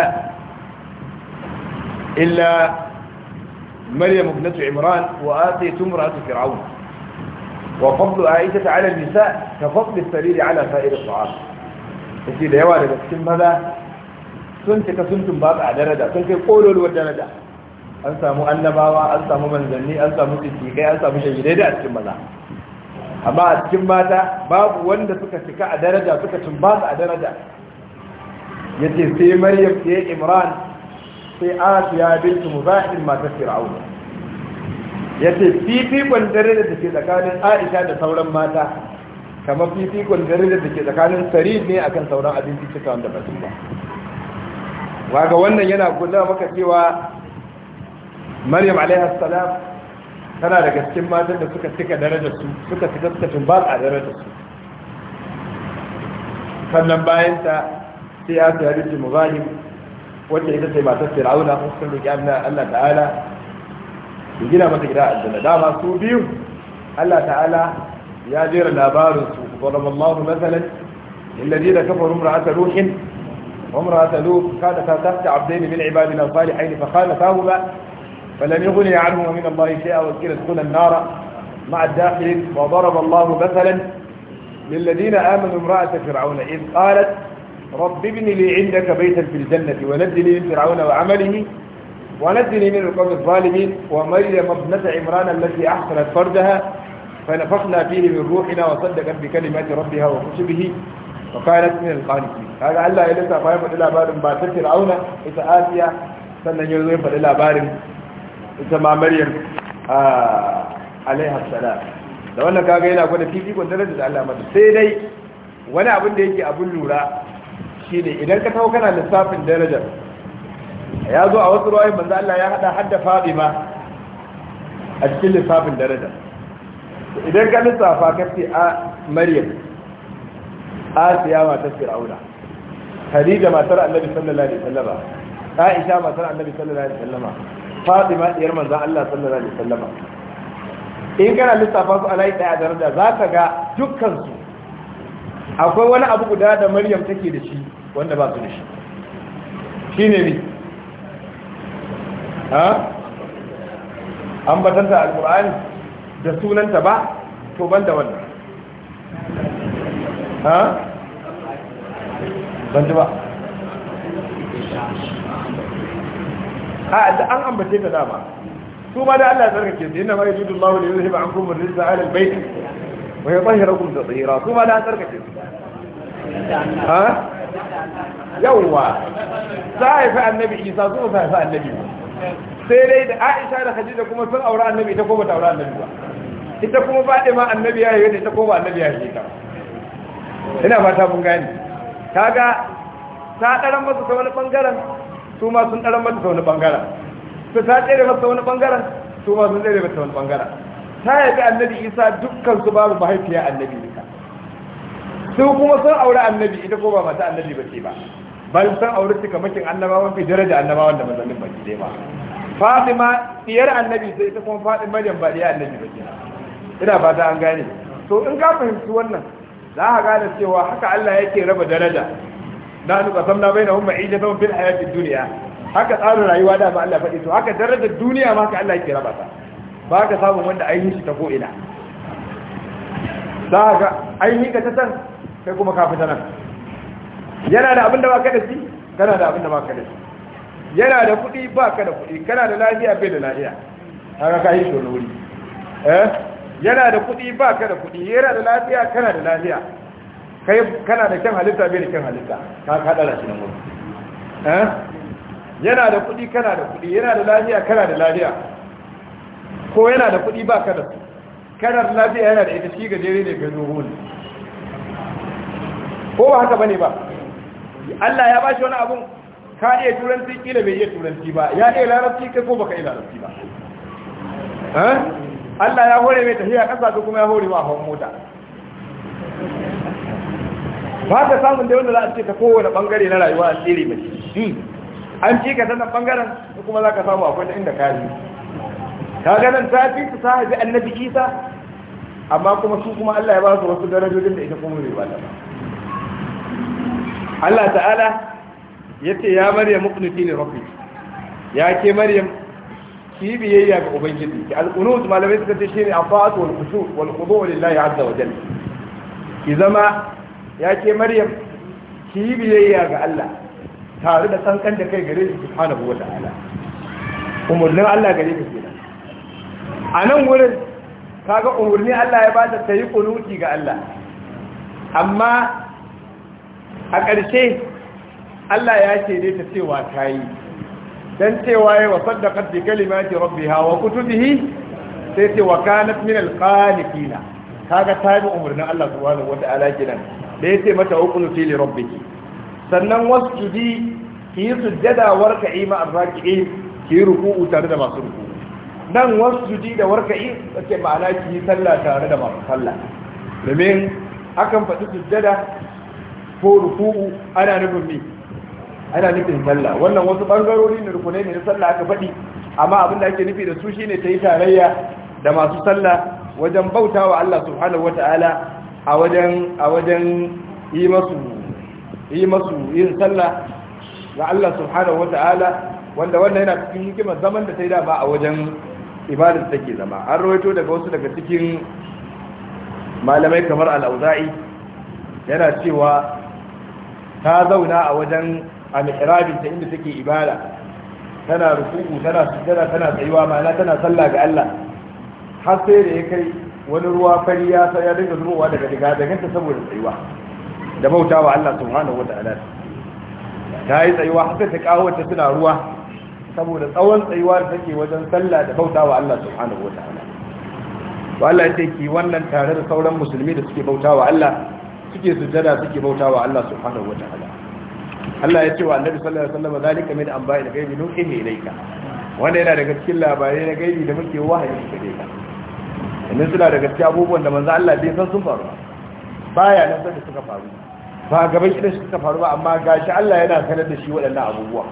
illa مريم ابنة عمران وآتيتم امرأة فرعون وفضل عائشة على النساء كفضل السرير على سائر الطعام في da yawa daga cikin maza sun cika sun tumbatsa a daraja sun kai kololuwar daraja an samu annabawa an samu manzanni an samu tsikai an samu shahidai da a cikin maza amma a cikin mata babu wanda suka cika a daraja suka a daraja yace sai imran sai asiya bintu muzahin matar Ya ce fifikon dare da take tsakanin aisha da sauran mata kamar fifikon dare da take tsakanin sarid ne akan sauran abinci cika wanda ba ba waga wannan yana kula maka cewa maryam alaiha salam tana da gaskin matan da suka cika da su suka fi suka ba a da su sannan bayan ta sai asiya bintu muzahim wacce ita ce matar fir'auna sun roƙi Allah ta'ala ya gina mata gida aljanna dama su biyu Allah ta'ala ya jera labarin su ضرب الله مثلا للذين كفروا امرأة لوح وامرأة لوط كانتا تحت عبدين من عبادنا صالحين فخالفاهما فلم يغني عنهما من الله شيئا وكلا ادخلا النار مع الداخل وضرب الله مثلا للذين آمنوا امرأة فرعون إذ قالت رب ابن لي عندك بيتا في الجنة ونجني من فرعون وعمله ونجني من القوم الظالمين ومريم ابنة عمران التي أحسنت فردها فنفخنا فيه من روحنا وصدقت بكلمات ربها وكتبه وكانت من القانتين هذا ألا يلسى فهم إلى بار باتت فرعون إذا آسيا سنة yanzu إلا بار إذا ita مريم آه، عليها السلام لو أنك wannan أقول في gwada ونزلت darajar سيدي Allah mata sai dai wani abin da yake lura shine idan ka taho kana lissafin darajar ya zo a wasu ruwayi manzo Allah ya hada hadda Fatima a cikin lissafin daraja idan ka lissafa ka ce a Maryam Asiya matar Fir'auna Khadija matar Annabi sallallahu alaihi wasallama Aisha matar Annabi sallallahu alaihi wasallama Fatima diyar manzo Allah sallallahu alaihi wasallama in kana lissafa su alai daya daraja za ka ga dukkan su akwai wani abu guda da Maryam take da shi wanda ba su da shi shi ne ne ha an batanta alkur'ani da sunanta ba to ban da wannan ha ban ba a da an ambace ta dama su ma da Allah ya tsarkake su yana ma yi judun lahu da yanzu ba an kuma rinsa alal wa ya tsahira kuma da su ma da an tsarkake su ha yawwa a haifi annabi isa su ba haifi annabi ba sai dai da aisha da khadija kuma sun aura annabi ita ko ba ta aura annabi ba ita kuma ma annabi ya yi ita ko ba annabi ya yi ta ina fata mun gani ga ta ɗaran masu ta wani ɓangaren su ma sun ɗaran masu ta wani ɓangaren. su ta tsere ta wani ɓangaren su ma sun tsere ta wani ɓangaren. ta haifi annabi isa dukkan su babu mahaifiya annabi su kuma sun aure annabi ita ko ba mata annabi ba ce ba bal sun aure su kamakin annabawan fi daraja annabawan da mazallin baki dai ba fatima diyar annabi sai ita kuma fatima jan ba diyar annabi ba ce ina ba ta an gane to in ka fahimci wannan za ka gane cewa haka Allah yake raba daraja Na nuka sam na bainahum ta bin hayatin duniya? haka tsarin rayuwa da ba Allah faɗi to haka daraja duniya ma haka Allah yake raba ta ba ka samu wanda ainihin shi ta ko ina za ka ainihin ka ta san kai kuma ka fita nan yana da abin da ba ka da shi kana da abin da ba ka da shi yana da kuɗi ba ka da kuɗi kana da lafiya bai da lafiya haka ka yi shi wani wuri eh yana da kuɗi ba ka da kuɗi yana da lafiya kana da lafiya kai kana da kyan halitta bai da kyan halitta ka ka da shi na mutu eh yana da kuɗi kana da kuɗi yana da lafiya kana da lafiya ko yana da kuɗi ba ka da su kana da lafiya yana da ita shi gajere ne ga dogon ko ba haka bane ba Allah ya bashi wani abun ka iya turanci kila bai iya turanci ba ya iya larabci kai ko baka iya larabci ba Allah ya hore mai tafiya kasa ko kuma ya hore ma hawan mota ba ta samun da wanda za a ce ta kowane bangare na rayuwa a tsere mai hmm. an ci ka sanar bangaren kuma za ka samu akwai inda ka yi ta ganin ta fi su sahabi annabi isa amma kuma su kuma Allah ya ba su wasu darajojin da ita kuma bai ba ta ba Allah ta'ala ya ce ya maryam muknuti ne rabbi ya ke maryam ki biyayya ga ubangiji ki alqunut malamai suka ce shine afat wal khushu wal khudu lillahi azza wa jalla ki zama ya ke maryam ki biyayya ga Allah tare da sankan da kai gare shi subhanahu wa ta'ala umurnin Allah gare ka kenan a nan wurin kaga umurni Allah ya ba ta yi kunuti ga Allah amma a ƙarshe Allah ya ce dai ta cewa ta yi don cewa ya wa saddakar da kalima kalimati rabbi hawa kutubihi sai ce wa kanat min alqanitina kaga ta bi umarnin Allah subhanahu wata'ala kidan da ya ce mata uqulu fi li ki. sannan wasu wasjudi ki yi sujjada warka'i ma arraqi'i ki yi ruku'u tare da masu ruku'u nan wasu wasjudi da warka'i take ma'ana ki yi sallah tare da masu sallah domin akan faɗi su jada. ko ruku'u ana nufin me ana nufin sallah wannan wasu bangarori ne rukunai ne na sallah aka faɗi amma abin da ake nufi da su shine ta yi tarayya da masu sallah wajen bautawa Allah subhanahu wata'ala a wajen a wajen yi masu yi masu yin sallah ga Allah subhanahu wata'ala wanda wannan yana cikin hikimar zaman da ta yi da ba a wajen ibadar take zama an rawaito daga wasu daga cikin malamai kamar al-auza'i yana cewa ta zauna a wajen a mihrabin inda take ibada tana rukuku tana sujjada tana tsayuwa ma'ana tana sallah ga Allah har sai da ya kai wani ruwa fari ya sa ya dinga zubowa daga daga daganta saboda tsayuwa da bautawa Allah subhanahu wata'ala ta yi tsayuwa har sai ta kawo ta suna ruwa saboda tsawon tsayuwa da take wajen sallah da bautawa Allah subhanahu wata'ala to Allah ya ce ki wannan tare da sauran musulmi da suke bautawa Allah suke sujada suke bautawa Allah subhanahu wataala Allah ya ce wa Annabi sallallahu alaihi wasallam zalika min amba'il ghaibi nuhihi ilayka wanda yana daga cikin labarai na gaibi da muke wahayi da ka daga cikin abubuwan da manzo Allah bai san sun faru baya nan suka faru ba gaban shi da suka faru ba amma gashi Allah yana sanar da shi waɗannan abubuwa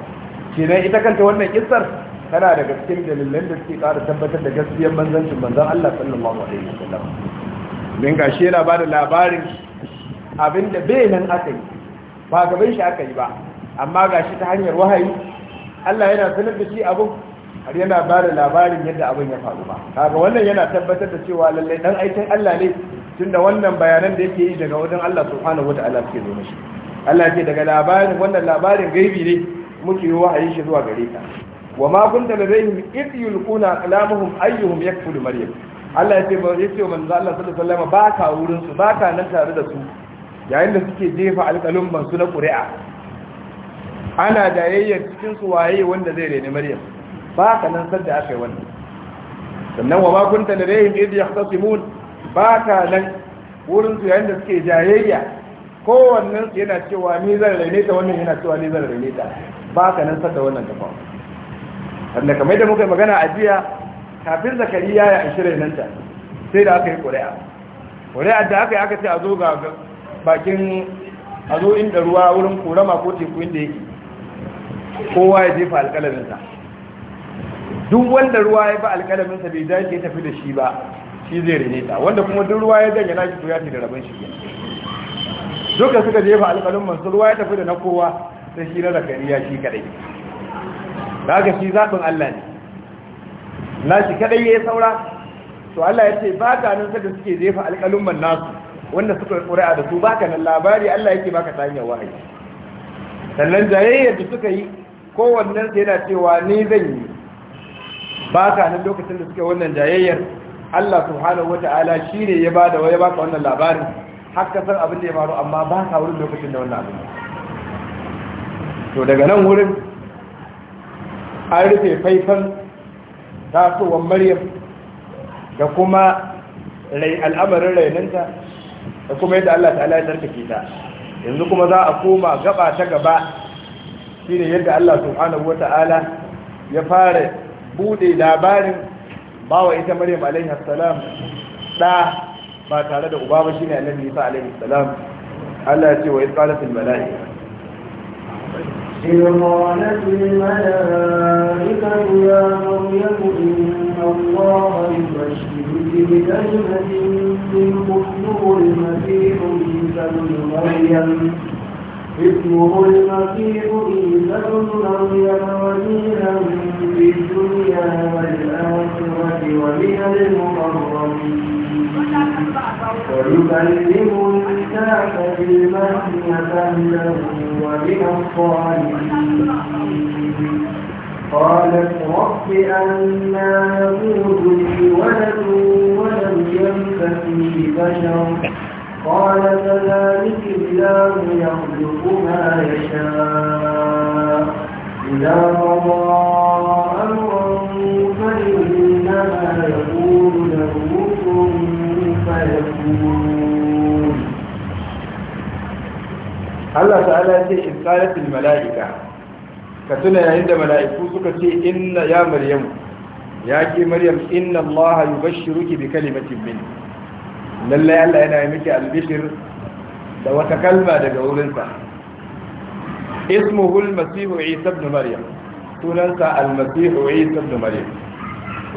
kenan ita kanta wannan kissar tana da cikin dalilan da suke ƙara tabbatar da gaskiyar manzancin manzon Allah sallallahu alaihi wasallam min gashi yana bada labarin abinda bai nan aka yi ba gaban shi aka yi ba amma ga shi ta hanyar wahayi Allah yana sanar da shi abin har yana ba da labarin yadda abin ya faru ba kaga wannan yana tabbatar da cewa lallai dan aikin Allah ne tunda wannan bayanan da yake yi daga wajen Allah subhanahu wataala suke zo mishi Allah ce daga labarin wannan labarin gaibi ne muke yi wahayi shi zuwa gare ka wa ma kunta ladaihim idh yulquna aqlamuhum ayyuhum yakfulu maryam Allah ya ce ba ya ce manzo Allah sallallahu alaihi wasallam ba ka wurin su ba ka nan tare da su yayin da suke jefa alƙalun su na ƙuri'a ana jayayyar cikin waye wanda zai reni maryam ba ka nan sadda aka yi wannan sannan wa makunta da rahim idi ya ba ka nan wurin su yayin da suke jayayya kowannen su yana cewa ni zan raine ta wannan yana cewa ni zan raine ta ba ka nan sadda wannan tafa sannan kamar da muka magana a jiya kafin zakariya ya nan ta, sai da aka yi ƙuri'a ƙuri'a da aka yi aka ce a zo ga bakin a zo inda ruwa wurin korama ko teku inda yake kowa ya jefa alkalaminsa duk wanda ruwa ya fi alkalaminsa bai dace ya tafi da shi ba shi zai rene ta wanda kuma duk ruwa ya zanya shi to ya fi da rabon shi duka suka jefa alkalin masu ruwa ya tafi da na kowa sai shi na zakariya shi kadai da haka shi zaɓin Allah ne na shi kadai ya yi saura to Allah ya ce ba ganin nan da suke jefa alƙalin nasu wanda suka yi ƙuri'a da su baka nan labari Allah yake baka ta hanyar wahayi sannan jayayyar da suka yi kowannen sai yana cewa ni zan yi baka nan lokacin da suka wannan jayayyar Allah subhanahu wata'ala ne ya bada waya baka wannan labarin haka san abin da ya faru amma ba ka wurin lokacin da wannan abin to daga nan wurin an rufe faifan tasowar Maryam da kuma al'amarin rainanta da kuma yadda Allah ta'ala ya tsarkake ta yanzu kuma za a koma gaba ta gaba shine yadda Allah subhanahu wata'ala ya fara bude labarin bawa ita Maryam alaihi salam da ba tare da uba ba shine Annabi Isa alaihi salam Allah ya ce wa isqalatil malaika إذ قالت الملائكة يا مريم إن الله يبشرك بكلمة منه اسمه المسيح عيسى بن مريم اسمه وزيرا في الدنيا والآخرة ومن المقربين ويكلم الناس في المهد مهدا ومن الصالحين قالت رب أنا يكون لي ولد ولم يمسسني بشر قال كذلك الله يخلق ما يشاء إذا قضى أمرا فإنما يقول له كن فيكون الله تعالى إذ قالت الملائكة ka tuna yayin da mala'iku suka ce inna ya maryamu ya ke maryam inna Allah yubashshiruki bi kalimatin min Lallai Allah yana yi miki albishir da wata kalma daga wurinsa ismuhu al-masih Isa ibn maryam sunansa al-masih Isa ibn maryam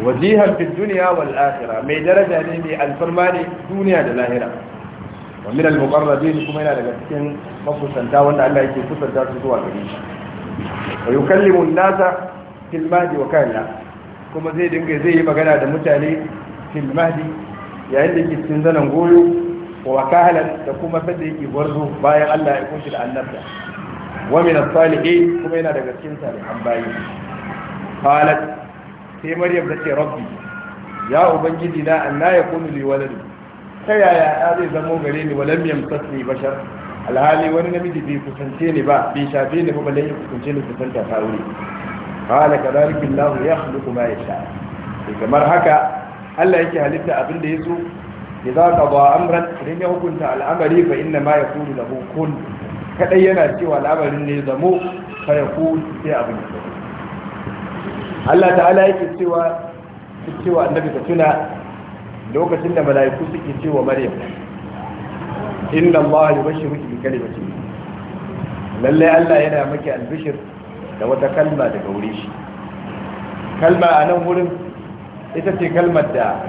wajihan fi duniya wal akhirah mai daraja ne mai alfarma ne duniya da lahira wa min al-muqarrabin kuma yana daga cikin makusanta wanda Allah yake kusanta su zuwa gare shi wa yukallimu an-nasa fil wa kana kuma zai dinga zai yi magana da mutane fil yayin da yake cikin zanen goyo wa kahalan da kuma sanda yake gwarzo bayan Allah ya kunshi da annabta wa min as-salihin kuma yana daga cikin salihan bayi qalat sai maryam ta ce rabbi ya ubangiji na anna yakunu li walad ta yaya zai zamo gare ni walam yamsasni bashar alhali wani namiji bai kusance ni ba bai shafe ni ba balle ya kusance ni kusanta ta wuri qala kadhalika Allahu yakhluqu ma yasha kamar haka Allah yake halitta abin da yaso idza qada amran idan ya hukunta al'amari fa inna ma yaqulu lahu kun kadai yana cewa al'amarin ne zamo fa yaqul sai abin Allah ta'ala yake cewa cewa annabi ka tuna lokacin da mala'iku suke cewa Maryam inna Allah ya bashi miki bi kalimati lalle Allah yana miki albishir da wata kalma daga wuri shi kalma a nan wurin ita ce kalmar da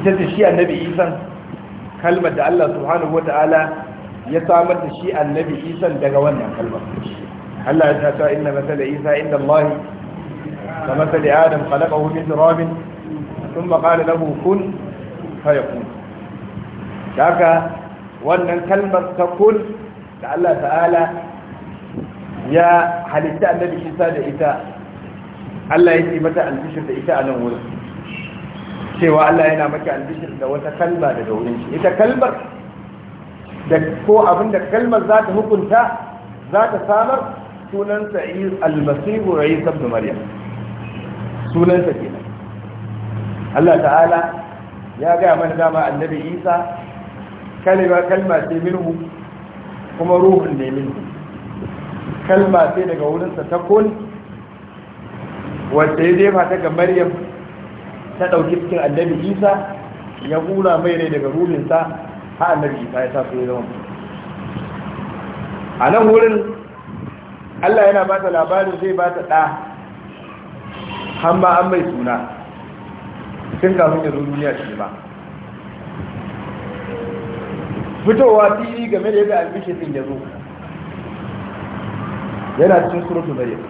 ita ce shi annabi Isa kalmar da Allah subhanahu wataala ya samar da shi annabi Isa daga wannan kalmar Allah ya ce inna masala Isa inda Allah kama sali Adam khalaqahu min turabin ثم قال له كن فيكون daga wannan kalmar ta kun da Allah ta'ala ya halitta annabi Isa da ita Allah ya yi mata albishir da ita a nan wurin cewa Allah yana mata albishir da wata kalma daga wurin shi ita kalmar da ko abinda kalmar za ta hukunta za ta samar sunansa almasihu isa ibn maryam sunansa kenan Allah ta'ala ya ga mana dama annabi Isa kalma kalma ce minhu kuma ruhun ne minhu kalma ce daga wurinsa ta kun wacce ya jefa ta ga maryam ta ɗauki cikin annabi isa ya hura mai ne daga ruhinsa ha annabi isa ya sa su ya zama a nan wurin allah yana ba ta labarin zai ba ta ɗa hamba an mai suna sun kafin ya zo duniya shi ba fitowa fili game da yadda albishir din ya zo yana cikin surutu maryam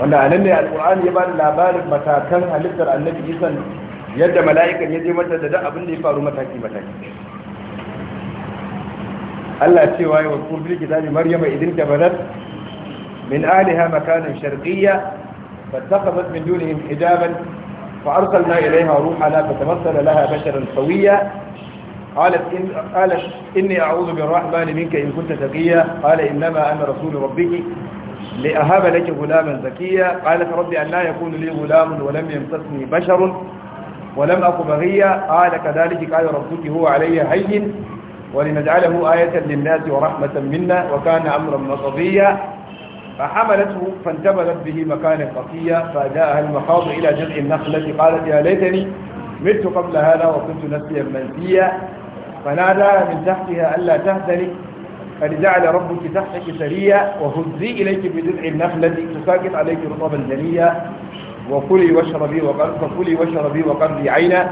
wanda a nan ne alƙur'ani ya ba da labarin matakan halittar annabi isan yadda mala'ikan ya je mata da duk abin da ya faru mataki mataki Allah cewa ya wakil bil kitabi maryama idin tabarat min aliha makanan sharqiyya fattakhadhat min dunihim hijaban fa arsalna ilayha ruhana fatamassala laha basharan sawiyya قالت إن قالت إني أعوذ بالرحمن منك إن كنت تقيا قال إنما أنا رسول ربك لأهب لك غلاما زكيا قالت ربي أن لا يكون لي غلام ولم يمسسني بشر ولم أك بغيا قال كذلك قال ربك هو علي هين ولنجعله آية للناس ورحمة منا وكان أمرا مقضيا فحملته فانتبذت به مكان قصيا فجاءها المخاض إلى جذع النخلة قالت يا ليتني مت قبل هذا وكنت نسيا منسيا فناداها من تحتها ألا تهتلي فلجعل ربك تحتك سريا وهزي إليك بجذع النخلة تساقط عليك رطبا جنيا وكلي واشربي وقربي واشربي وقربي عينا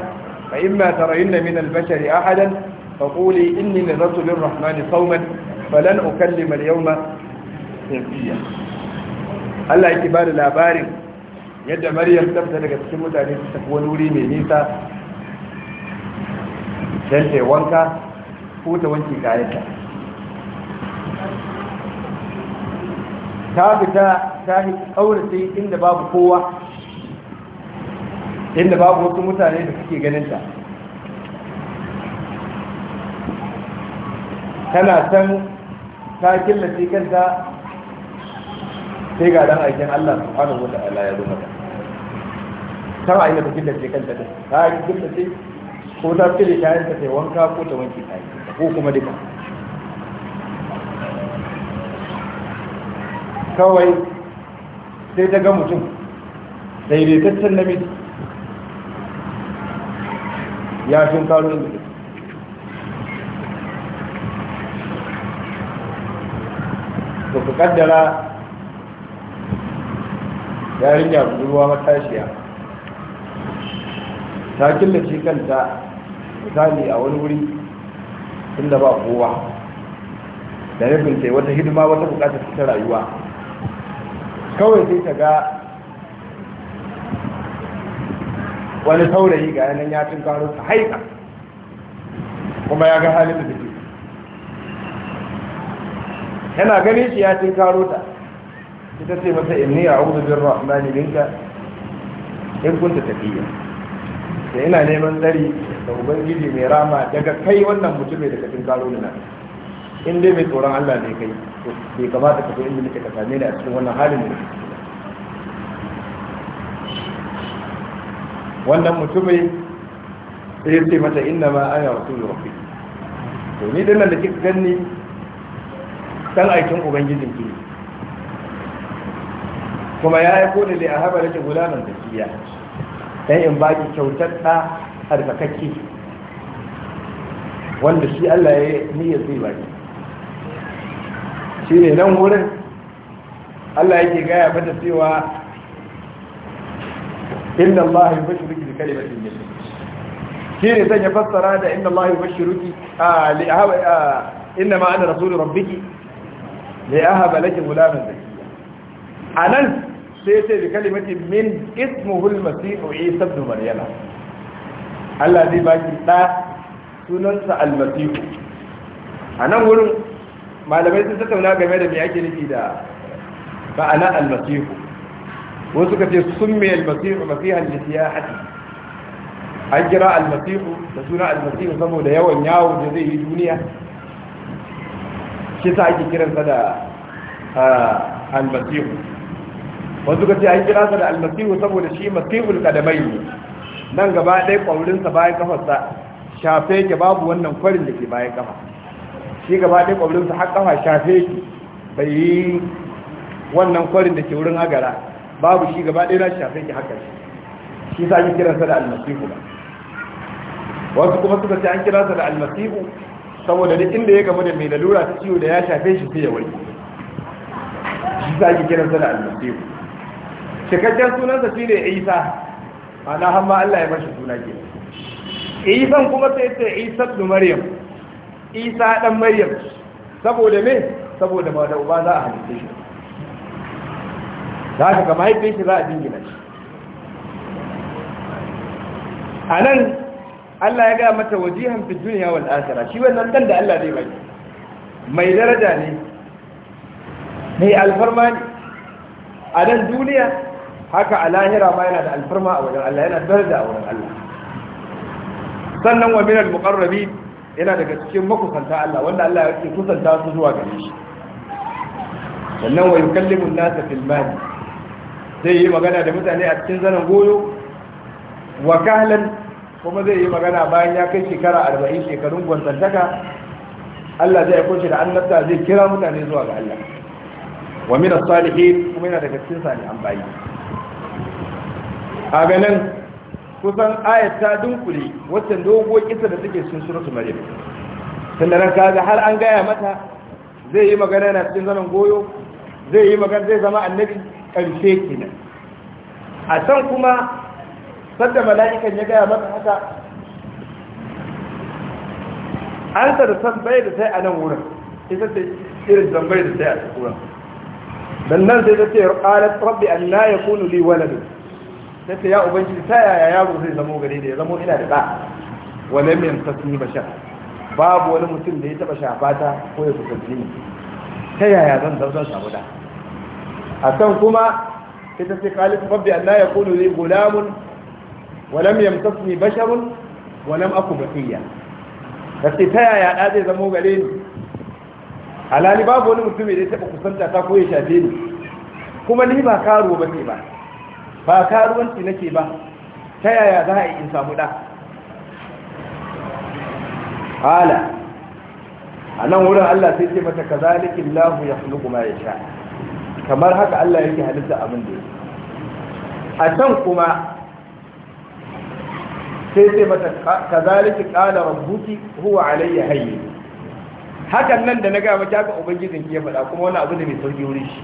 فإما ترين من البشر أحدا فقولي إني نذرت للرحمن صوما فلن أكلم اليوم سرقيا الله يكبر لا بارك يد مريم تبدأ لك cikin mutane ta من wani don ta yi wanka ko ta wanke kayanta ta fita ta yi sai inda babu kowa inda babu wasu mutane da suke ganinta tana san ta killace kanta sai ga dan aikin Allah subhanahu wa ta'ala ya zo mata tana aina ta killace kanta ta killace ko ta cire kayan ta sai wanka ko ta wanke kayan ko kuma duka kawai sai ta ga mutum daidaitaccen namiji ya fi karo inda to ku kaddara yarinya budurwa matashiya ta killace kanta misali a wani wuri inda ba kowa da nufin sai wata hidima wata bukata ta rayuwa kawai sai ta ga wani saurayi ga yanan ya cin karo ta haika kuma ya ga halin da take yana ganin shi ya cin karo ta ita ce masa inni a abu da rahmani minka in kunta tafiya da ina neman tsari da ubangiji mai rama daga kai wannan mutum daga cikin karo na in dai mai tsoron Allah ne kai bai kamata ka zo inda nake ka same ni a cikin wannan halin da wannan mutumin sai sai mata inna ma ana rasulun rafi to ni dinnan da kika ganni dan aikin ubangijin ki kuma ya aiko da li ahaba gulanan da tafiya dan in baki kyautar da tsarkakakke wanda shi Allah ya niyya zai baki shi ne nan wurin Allah yake gaya mata cewa inna Allah ya bashi ruki da kalimatin yin shi ne zan ya fassara da inna Allah ya bashi ruki inna ma ana rasulun rabbiki da ya haɓa lakin gulamin zaki. a nan sai sai da kalimatin min ismuhul masihu isa ibn maryama Allah zai baki ɗa sunansa almasihu a nan wurin malamai sun tattauna game da me ake nufi da ma'ana almasihu wasu suka ce sun mai almasihu masihan siya haɗi. an kira almasihu da suna almasihu saboda yawan yawo da zai yi duniya shi sa ake kiransa da almasihu wasu suka ce an kira sa da almasihu saboda shi masihul kadamai ne nan gaba ɗaya ƙwaurinsa bayan kafarsa shafe yake babu wannan kwarin da ke bayan kafa shi gaba ɗaya ƙwaurinsa har kafa shafe yake bai yi wannan kwarin da ke wurin agara babu shi gaba ɗaya na shafe yake haka shi shi sa ake kiransa da almasihu ba wasu kuma suka ce an kiransa da almasihu saboda duk inda ya gama da mai lalura ta ciwo da ya shafe shi sai ya warke shi sa ake kiransa da almasihu cikakken sunansa shi ne isa ana hamma Allah ya mashi suna ke isan kuma sai ce isa da maryam isa dan maryam saboda me saboda ba da uba za a halitta shi za ka kama haifin shi za a dingina shi a nan Allah ya gaya mata wajihan fi duniya wal akhirah shi wannan dan da Allah zai baki mai daraja ne mai alfarma ne a nan duniya haka a lahira ma yana da alfarma a wajen Allah yana daraja a wajen Allah sannan wa minal muqarrabi yana daga cikin makusanta Allah wanda Allah yake kusanta su zuwa gare shi sannan wa yukallimu an-nasa fil mali zai yi magana da mutane a cikin zanen goyo wa kahlan kuma zai yi magana bayan ya kai shekara 40 shekarun gwansantaka Allah zai aiko shi da annabta zai kira mutane zuwa ga Allah wa min as-salihin kuma yana daga cikin salihan bayi Haganan kusan ayat ta dunkule wacce dogo kisa da take sun suratu maryam sannan kaga har an gaya mata zai yi magana na cikin zaman goyo zai yi magana zai zama annabi karshe kenan a can kuma sadda mala'ikan ya gaya mata haka an ta da tambaye da sai a nan wurin ita ce irin tambaye da sai a wurin dan nan sai ta ce an na ya kunu li waladun sai ta ya ubangiji ta yaya yaro zai zamo gare da ya zamo ina da ɗa wale mai tasni bashar babu wani mutum da ya taɓa shafata ko ya kusanci jini ta yaya zan zan samu da a kan kuma ita ce kalifu babbi Allah ya kulu li gulamun walam yamtasni basharun walam aku baqiya ce ta yaya da zai zamo gare ni alali babu wani mutum da ya taɓa kusanta ta ko ya shafe ni kuma ni ba karo ba ne ba ba karuwanci nake ba ta yaya za a yi in samu ɗa hala a nan wurin allah sai ce mata ka zalikin lahu ya hulu kuma ya sha kamar haka allah yake halitta abin da ya a can kuma sai ce mata ka zalikin ƙala rabbuki huwa alayya hayi hakan nan da na gaya mata haka ubangijinki ya faɗa kuma wani abu da mai sauki wuri shi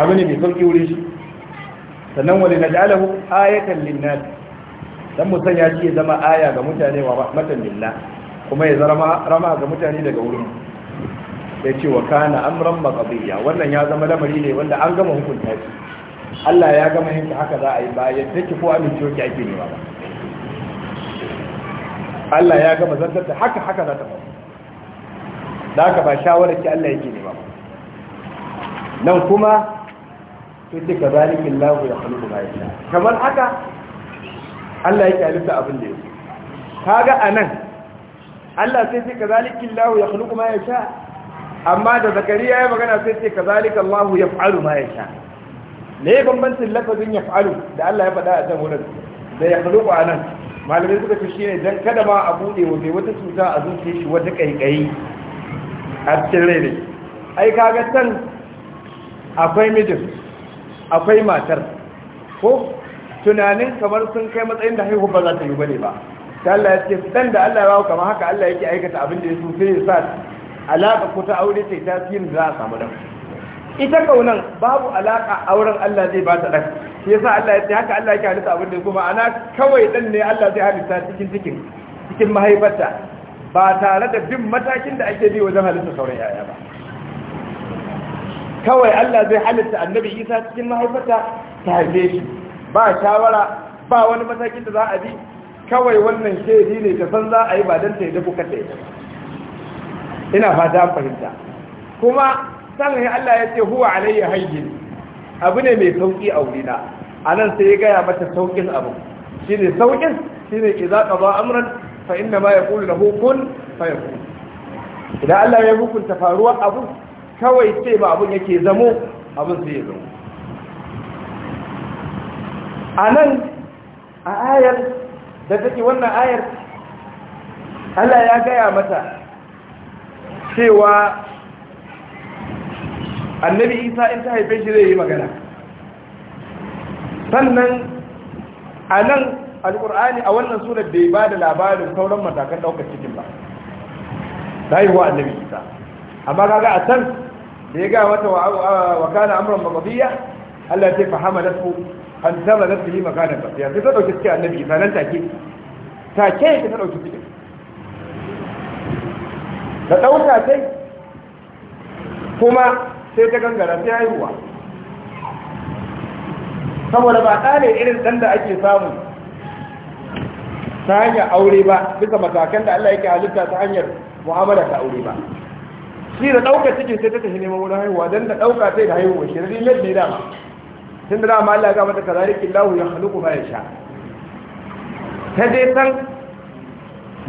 abu ne mai sauki wuri shi sannan wani na jalahu ayatan linnas dan mu sanya ce zama aya ga mutane wa matan lilla? kuma ya zama rama ga mutane daga wurin ya ce wa kana amran maqdiya wannan ya zama lamari ne wanda an gama hukunta shi Allah ya gama yanke haka za a yi ba ya take ko amincewa ki ake nema ba Allah ya gama zartar da haka haka za ta faru da haka ba shawarar ki Allah yake nema ba nan kuma to ka zalikin lahu ya kalu ma yasha kamar haka Allah yake halitta abin da ya yake kaga nan Allah sai ce ka zalikin lahu ya kalu ma ya sha, amma da zakariya ya magana sai ce ka zalikin lahu ya fa'alu ma yasha ne bambancin lafazin ya fa'alu da Allah ya faɗa a can wurin da ya kalu a nan malamai suka fi shi ne don kada ma a buɗe wa bai wata cuta a zuciya shi wata ƙaiƙayi a cikin rai ne ai kaga can akwai mijin akwai matar ko tunanin kamar sun kai matsayin da haihu ba za ta yi bane ba ta Allah ya ce dan da Allah ya bawo kamar haka Allah yake aikata abin da ya so sai ya sa alaka ko ta aure ta tasirin da za a samu dan ita kaunan babu alaka auren Allah zai ba ta dan ya sa Allah ya ce haka Allah yake halitta abin da ya so ma'ana kawai dan ne Allah zai halitta cikin cikin cikin mahaifarta ba tare da bin matakin da ake bi wajen halitta sauran yaya ba kawai Allah zai halitta annabi Isa cikin mahaifata ta haife shi ba shawara ba wani matakin da za a bi kawai wannan shaidi ne ta san za a yi ba don ta yi dafu kata ina fata fahimta kuma sanin Allah ya ce huwa alayya hayyin abu ne mai sauki a wurina a nan sai ya gaya mata saukin abu shi ne saukin shi ne iza ƙaba amuran fa inda ma ya ƙulu da hukun fa ya idan Allah ya hukunta faruwar abu kawai ce ba abin yake zamo abin sai ya zamo a nan a ayar da take wannan ayar Allah ya gaya mata cewa annabi isa in ta haife shi zai yi magana sannan a nan alƙur'ani a wannan surar bai ba da labarin sauran matakan ɗaukar cikin ba ta yi wa annabi isa amma kaga a can da ya ga mata wa kana amran maqdiya Allah ya da su an tabadat bihi makanan qasiya sai ta dauki cikin annabi ta nan take take ta dauki cikin ta dauka sai kuma sai ta gangara sai haihuwa saboda ba ɗane irin ɗan da ake samu ta hanyar aure ba bisa matakan da Allah yake halitta ta hanyar mu'amala ta aure ba shi da ɗaukar cikin sai ta tafi neman wurin haihuwa don da ɗauka sai da haihuwa shi rari mai ne dama tun da dama Allah ga mata kaza yake lahu ya haluku ba ya sha ta dai san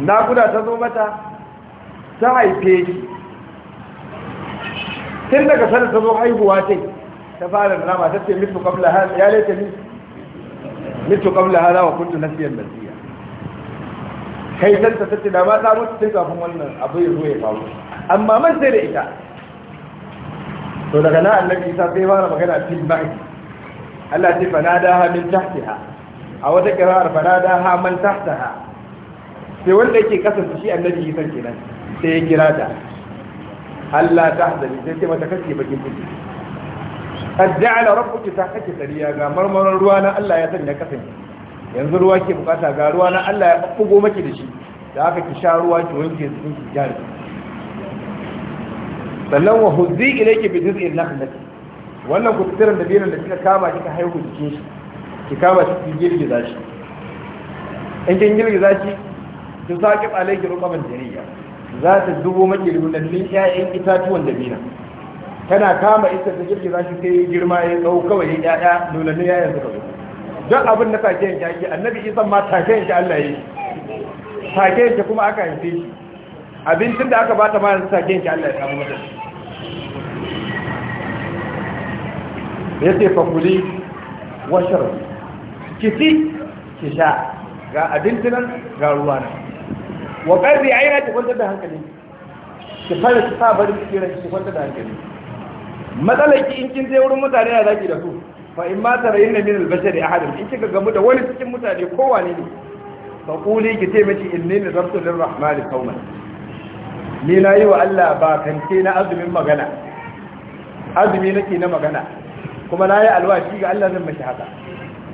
naƙuda ta zo mata ta haife shi tun daga sanar ta zo haihuwa ce ta fara drama ta ce mitu kabla hada ya laita ni mitu kabla hada wa kuntu nasiyan nasiya kai tanta ta ce da ma ta mutu tun kafin wannan abu ya zo ya faru amma man sai da ita to daga nan annabi isa sai fara magana fil ba'i Allah ce ha min tahtiha a wata kira'ar ha man tahtaha sai wanda yake kasa shi annabi san kenan sai ya kira ta Allah hadari sai ce mata kace bakin kudi qad rabbuka tahtaka sariya ga marmaron ruwa na Allah ya sanya kasance yanzu ruwa ke bukata ga ruwa na Allah ya kugo maki da shi da haka ki sha ruwa ki wanke jikin ki jari sannan wa huzzi ilayki bi na nakhlati wannan ku fitar da biran da kika kama kika haihu jikin shi ki kama shi girgiza shi in kin girgiza shi ki saki alayki ruqaban jariya za ta zubo maki rubunannin ƴaƴan itatuwan da biran tana kama ita ta girgiza shi sai girma ya tsawo kawai ya ƴaƴa nunannin ƴaƴan suka zo don abin da take yanke ake annabi isan ma take yanke Allah ya yi take yanke kuma aka yanke shi abincin da aka bata ma yanzu take yanke Allah ya samu mata ya Fafuli, fakuli washar ki ci ki sha ga abinci nan ga ruwa nan wa ƙarfi aina ki kwantar da hankali ki fara ki sa bari ki tsira ki kwantar da hankali matsalar ki in kin je wurin mutane na zaki da su fa in ma tarayin yin min albashari a ahadin in kika gamu da wani cikin mutane ko wane ne fa kuli ki ce miki inni nazartu lirrahmani qauman ni na yi wa Allah ba kance na azumin magana azumi nake na magana kuma na yi alwashi ga Allah zan mashi haka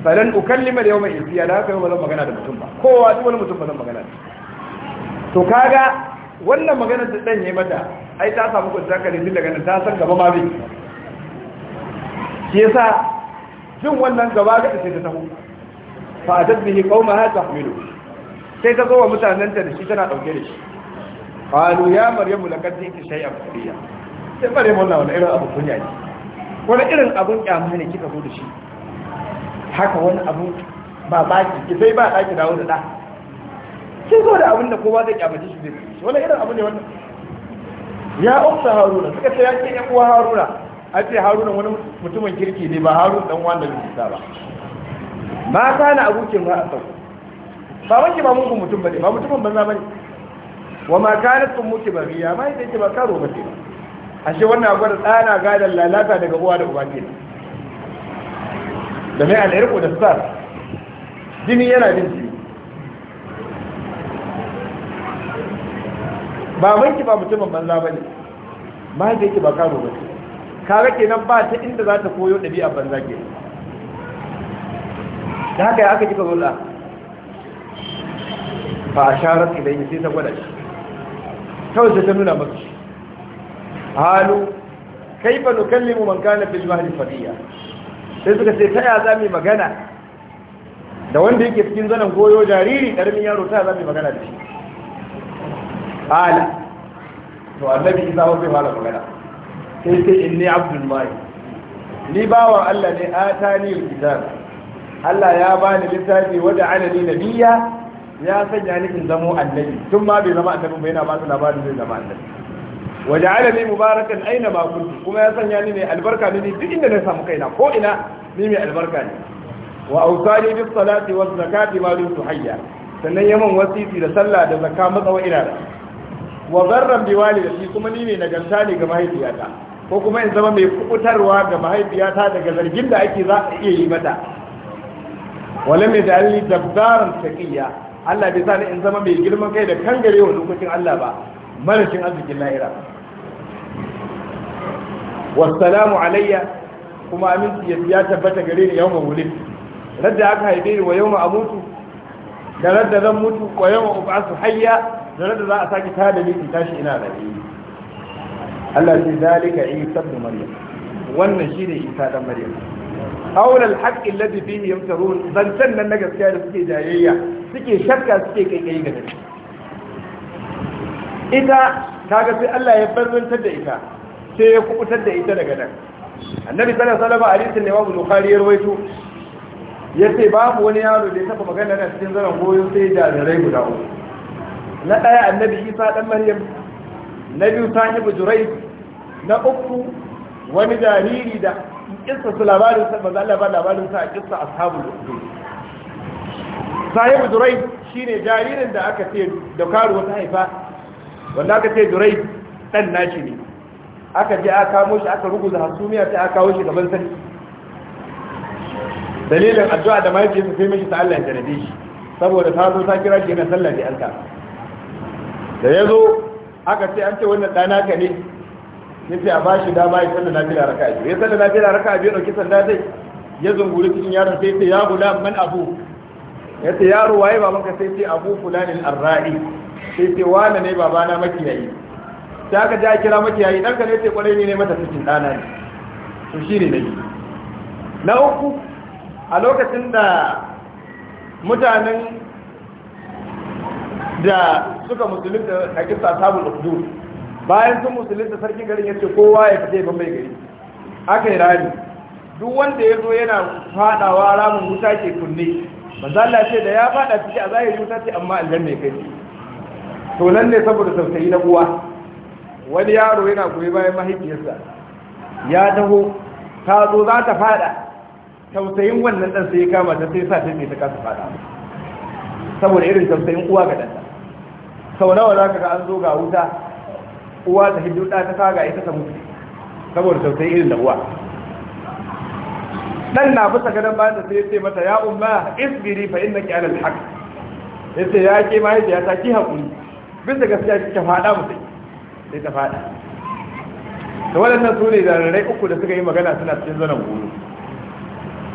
falan ukallima da yau mai isiya da haka yau ba zan magana da mutum ba kowa duk wani mutum ba zan magana da to kaga wannan magana da dan yi mata ai ta samu kun zakari din daga nan ta san gaba ma bi shi yasa jin wannan gaba ga sai ta taho fa adabbihi qaumaha tahmilu sai ta zo wa mutanen ta da shi tana dauke da shi qalu ya maryamu laqad ji'ti shay'an fariya sai maryamu wannan wannan irin abu kunya ne wani irin abun kyamar ne kika zo da shi haka wani abu ba baki ki sai ba ki dawo da ɗa kin zo da abin da kowa zai kyamace shi zai shi wani irin abu ne wannan ya uksa haruna suka ce ya ce ya uwa haruna a ce haruna wani mutumin kirki ne ba harun dan wanda bai isa ba ba ta na abokin ba a sau ba wanke ba mungun mutum ba ne ba mutumin banza ba ne wa ma mutu ba biya ma ce ba karo ba ce ba ashe wannan akwai tsana gadon lalata daga uwa da uba ke da mai al'irku da star jini yana bin jini babanki ba mutumin banza ba ne yake ba karo ba ke nan ba ta inda za ta koyo ɗabi'a banza ke da haka ya aka kika zuwa ba a sharar idan yi sai ta gwada shi kawai sai ta nuna masu halu kaifa nukallimu man kana fil mahdi fadiya sai suka ce ta ya zami magana da wanda yake cikin zanen goyo jariri karamin yaro ta ya mu magana da shi Hala, to annabi isa wa zai hala magana sai sai inni abdul mai ni bawa Allah ne atani alkitab Allah ya bani littafi wada alani nabiyya ya sanya ni in zamo annabi tun ma bai zama annabi ba yana ba su labarin zai zama annabi waje alami mubarakan aina ma kuntu kuma ya sanya ni ne albarka ne duk inda na samu kaina ko ina ni mai albarka ne wa ausani bis salati waz zakati ma dun hayya sannan yaman wasiti da sallah da zakka matsawa ina da wa zarran bi walidati kuma ni ne nagarta ne ga mahaifiyata ko kuma in zama mai kubutarwa ga mahaifiyata daga zargin da ake za a iya yi mata wala mai da alli dabbaran taqiya Allah bai sa ni in zama mai girman kai da kangarewa lokacin Allah ba marashin arzikin lahira wasalamu alayya kuma aminci ya tabbata gare ni yawma wulid radda aka haife ni wa yawma amutu da radda zan mutu wa yawma ub'asu hayya da radda za a saki tada ni tashi ina da Allah ya zalika Isa ibn Maryam wannan shine Isa dan Maryam aula alhaq alladhi fihi yamtarun zantan nan na gaskiya da suke jayayya suke shakka suke kai ga gaskiya ita kaga sai Allah ya barzantar da ita sai ya kubutar da ita daga nan annabi sallallahu alaihi wasallam hadisin da Imam Bukhari ya rawaito yace babu wani yaro da ya taba magana da cikin zaran goyo sai jarirai guda uku na daya annabi Isa dan Maryam na biyu yi bujurai na uku wani jariri da kissa su labarin sa ba Allah ba labarin sa a kissa ashabul ukhdud bujurai shi shine jaririn da aka ce da karuwa ta haifa wanda aka ce Jurayj dan nashi ne aka je aka kamo shi aka da hasumiya sai aka kawo shi gaban sarki dalilin addu'a da mahaifiyarsa sai shi ta Allah ya jarabe shi saboda ta zo ta kira shi na sallah da alka da ya zo aka ce an ce wannan dana ka ne ya ce a ba shi dama ya sallah na fila raka biyu ya sallah na fila raka biyu dauki sanda sai ya zunguri cikin yaron sai ce ya gula man abu ya ce yaro waye babanka sai ce abu fulanin arra'i sai ce wane ne babana makiyayi sai aka ja kira makiyayi danka ne ce kwarai ne ne mata cikin dana ne to shi ne na uku a lokacin da mutanen da suka musulunta a sa sabul ukhdu bayan sun musulunta sarkin garin ya kowa ya fita ban bai gari aka yi duk wanda ya zo yana fadawa ramin wuta ke kunne manzala ce da ya fada ciki a zahiri wuta ce amma aljan ne kai to nan ne saboda tausayi na uwa wani yaro yana goyi bayan mahaifiyarsa ya taho ta zo za ta fada tausayin wannan dan sai ya kama ta sai sa ta ne ta kasa fada saboda irin tausayin uwa ga ɗanta sau nawa za ka ga an zo ga wuta uwa ta hindu ɗa ta kaga ita ta mutu saboda tausayin irin da uwa dan na bisa gadon ba ta sai ya ce mata ya umma isbiri fa innaki alal ya ce ya ke mahaifiyata ki hakuri bisa gaskiya kike fada mutai sai ta faɗa ta waɗannan su ne zararrai uku da suka yi magana suna cikin zanen goro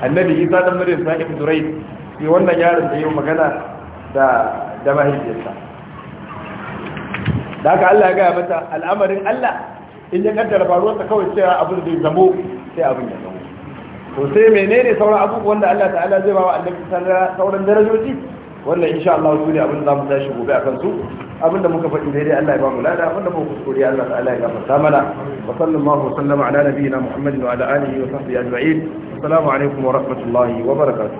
annabi isa ɗan murin sa ibn durai sai wannan yaron da yi magana da da mahaifiyarsa da haka Allah ya gaya mata al'amarin Allah in ya kaddara ta kawai cewa abin zai zamo sai abin ya zamo to sai menene sauran abubuwan da Allah ta'ala zai ba wa annabi sauran darajoji wannan insha Allah su ne abin da mu tashi gobe a kansu abin da muka faɗi daidai Allah ya ba mu lada abin da muka kuskure Allah ta'ala ya gafarta mana wa sallallahu sallama ala nabiyyina Muhammadin wa ala alihi wa sahbihi ajma'in assalamu alaikum wa rahmatullahi wa barakatuh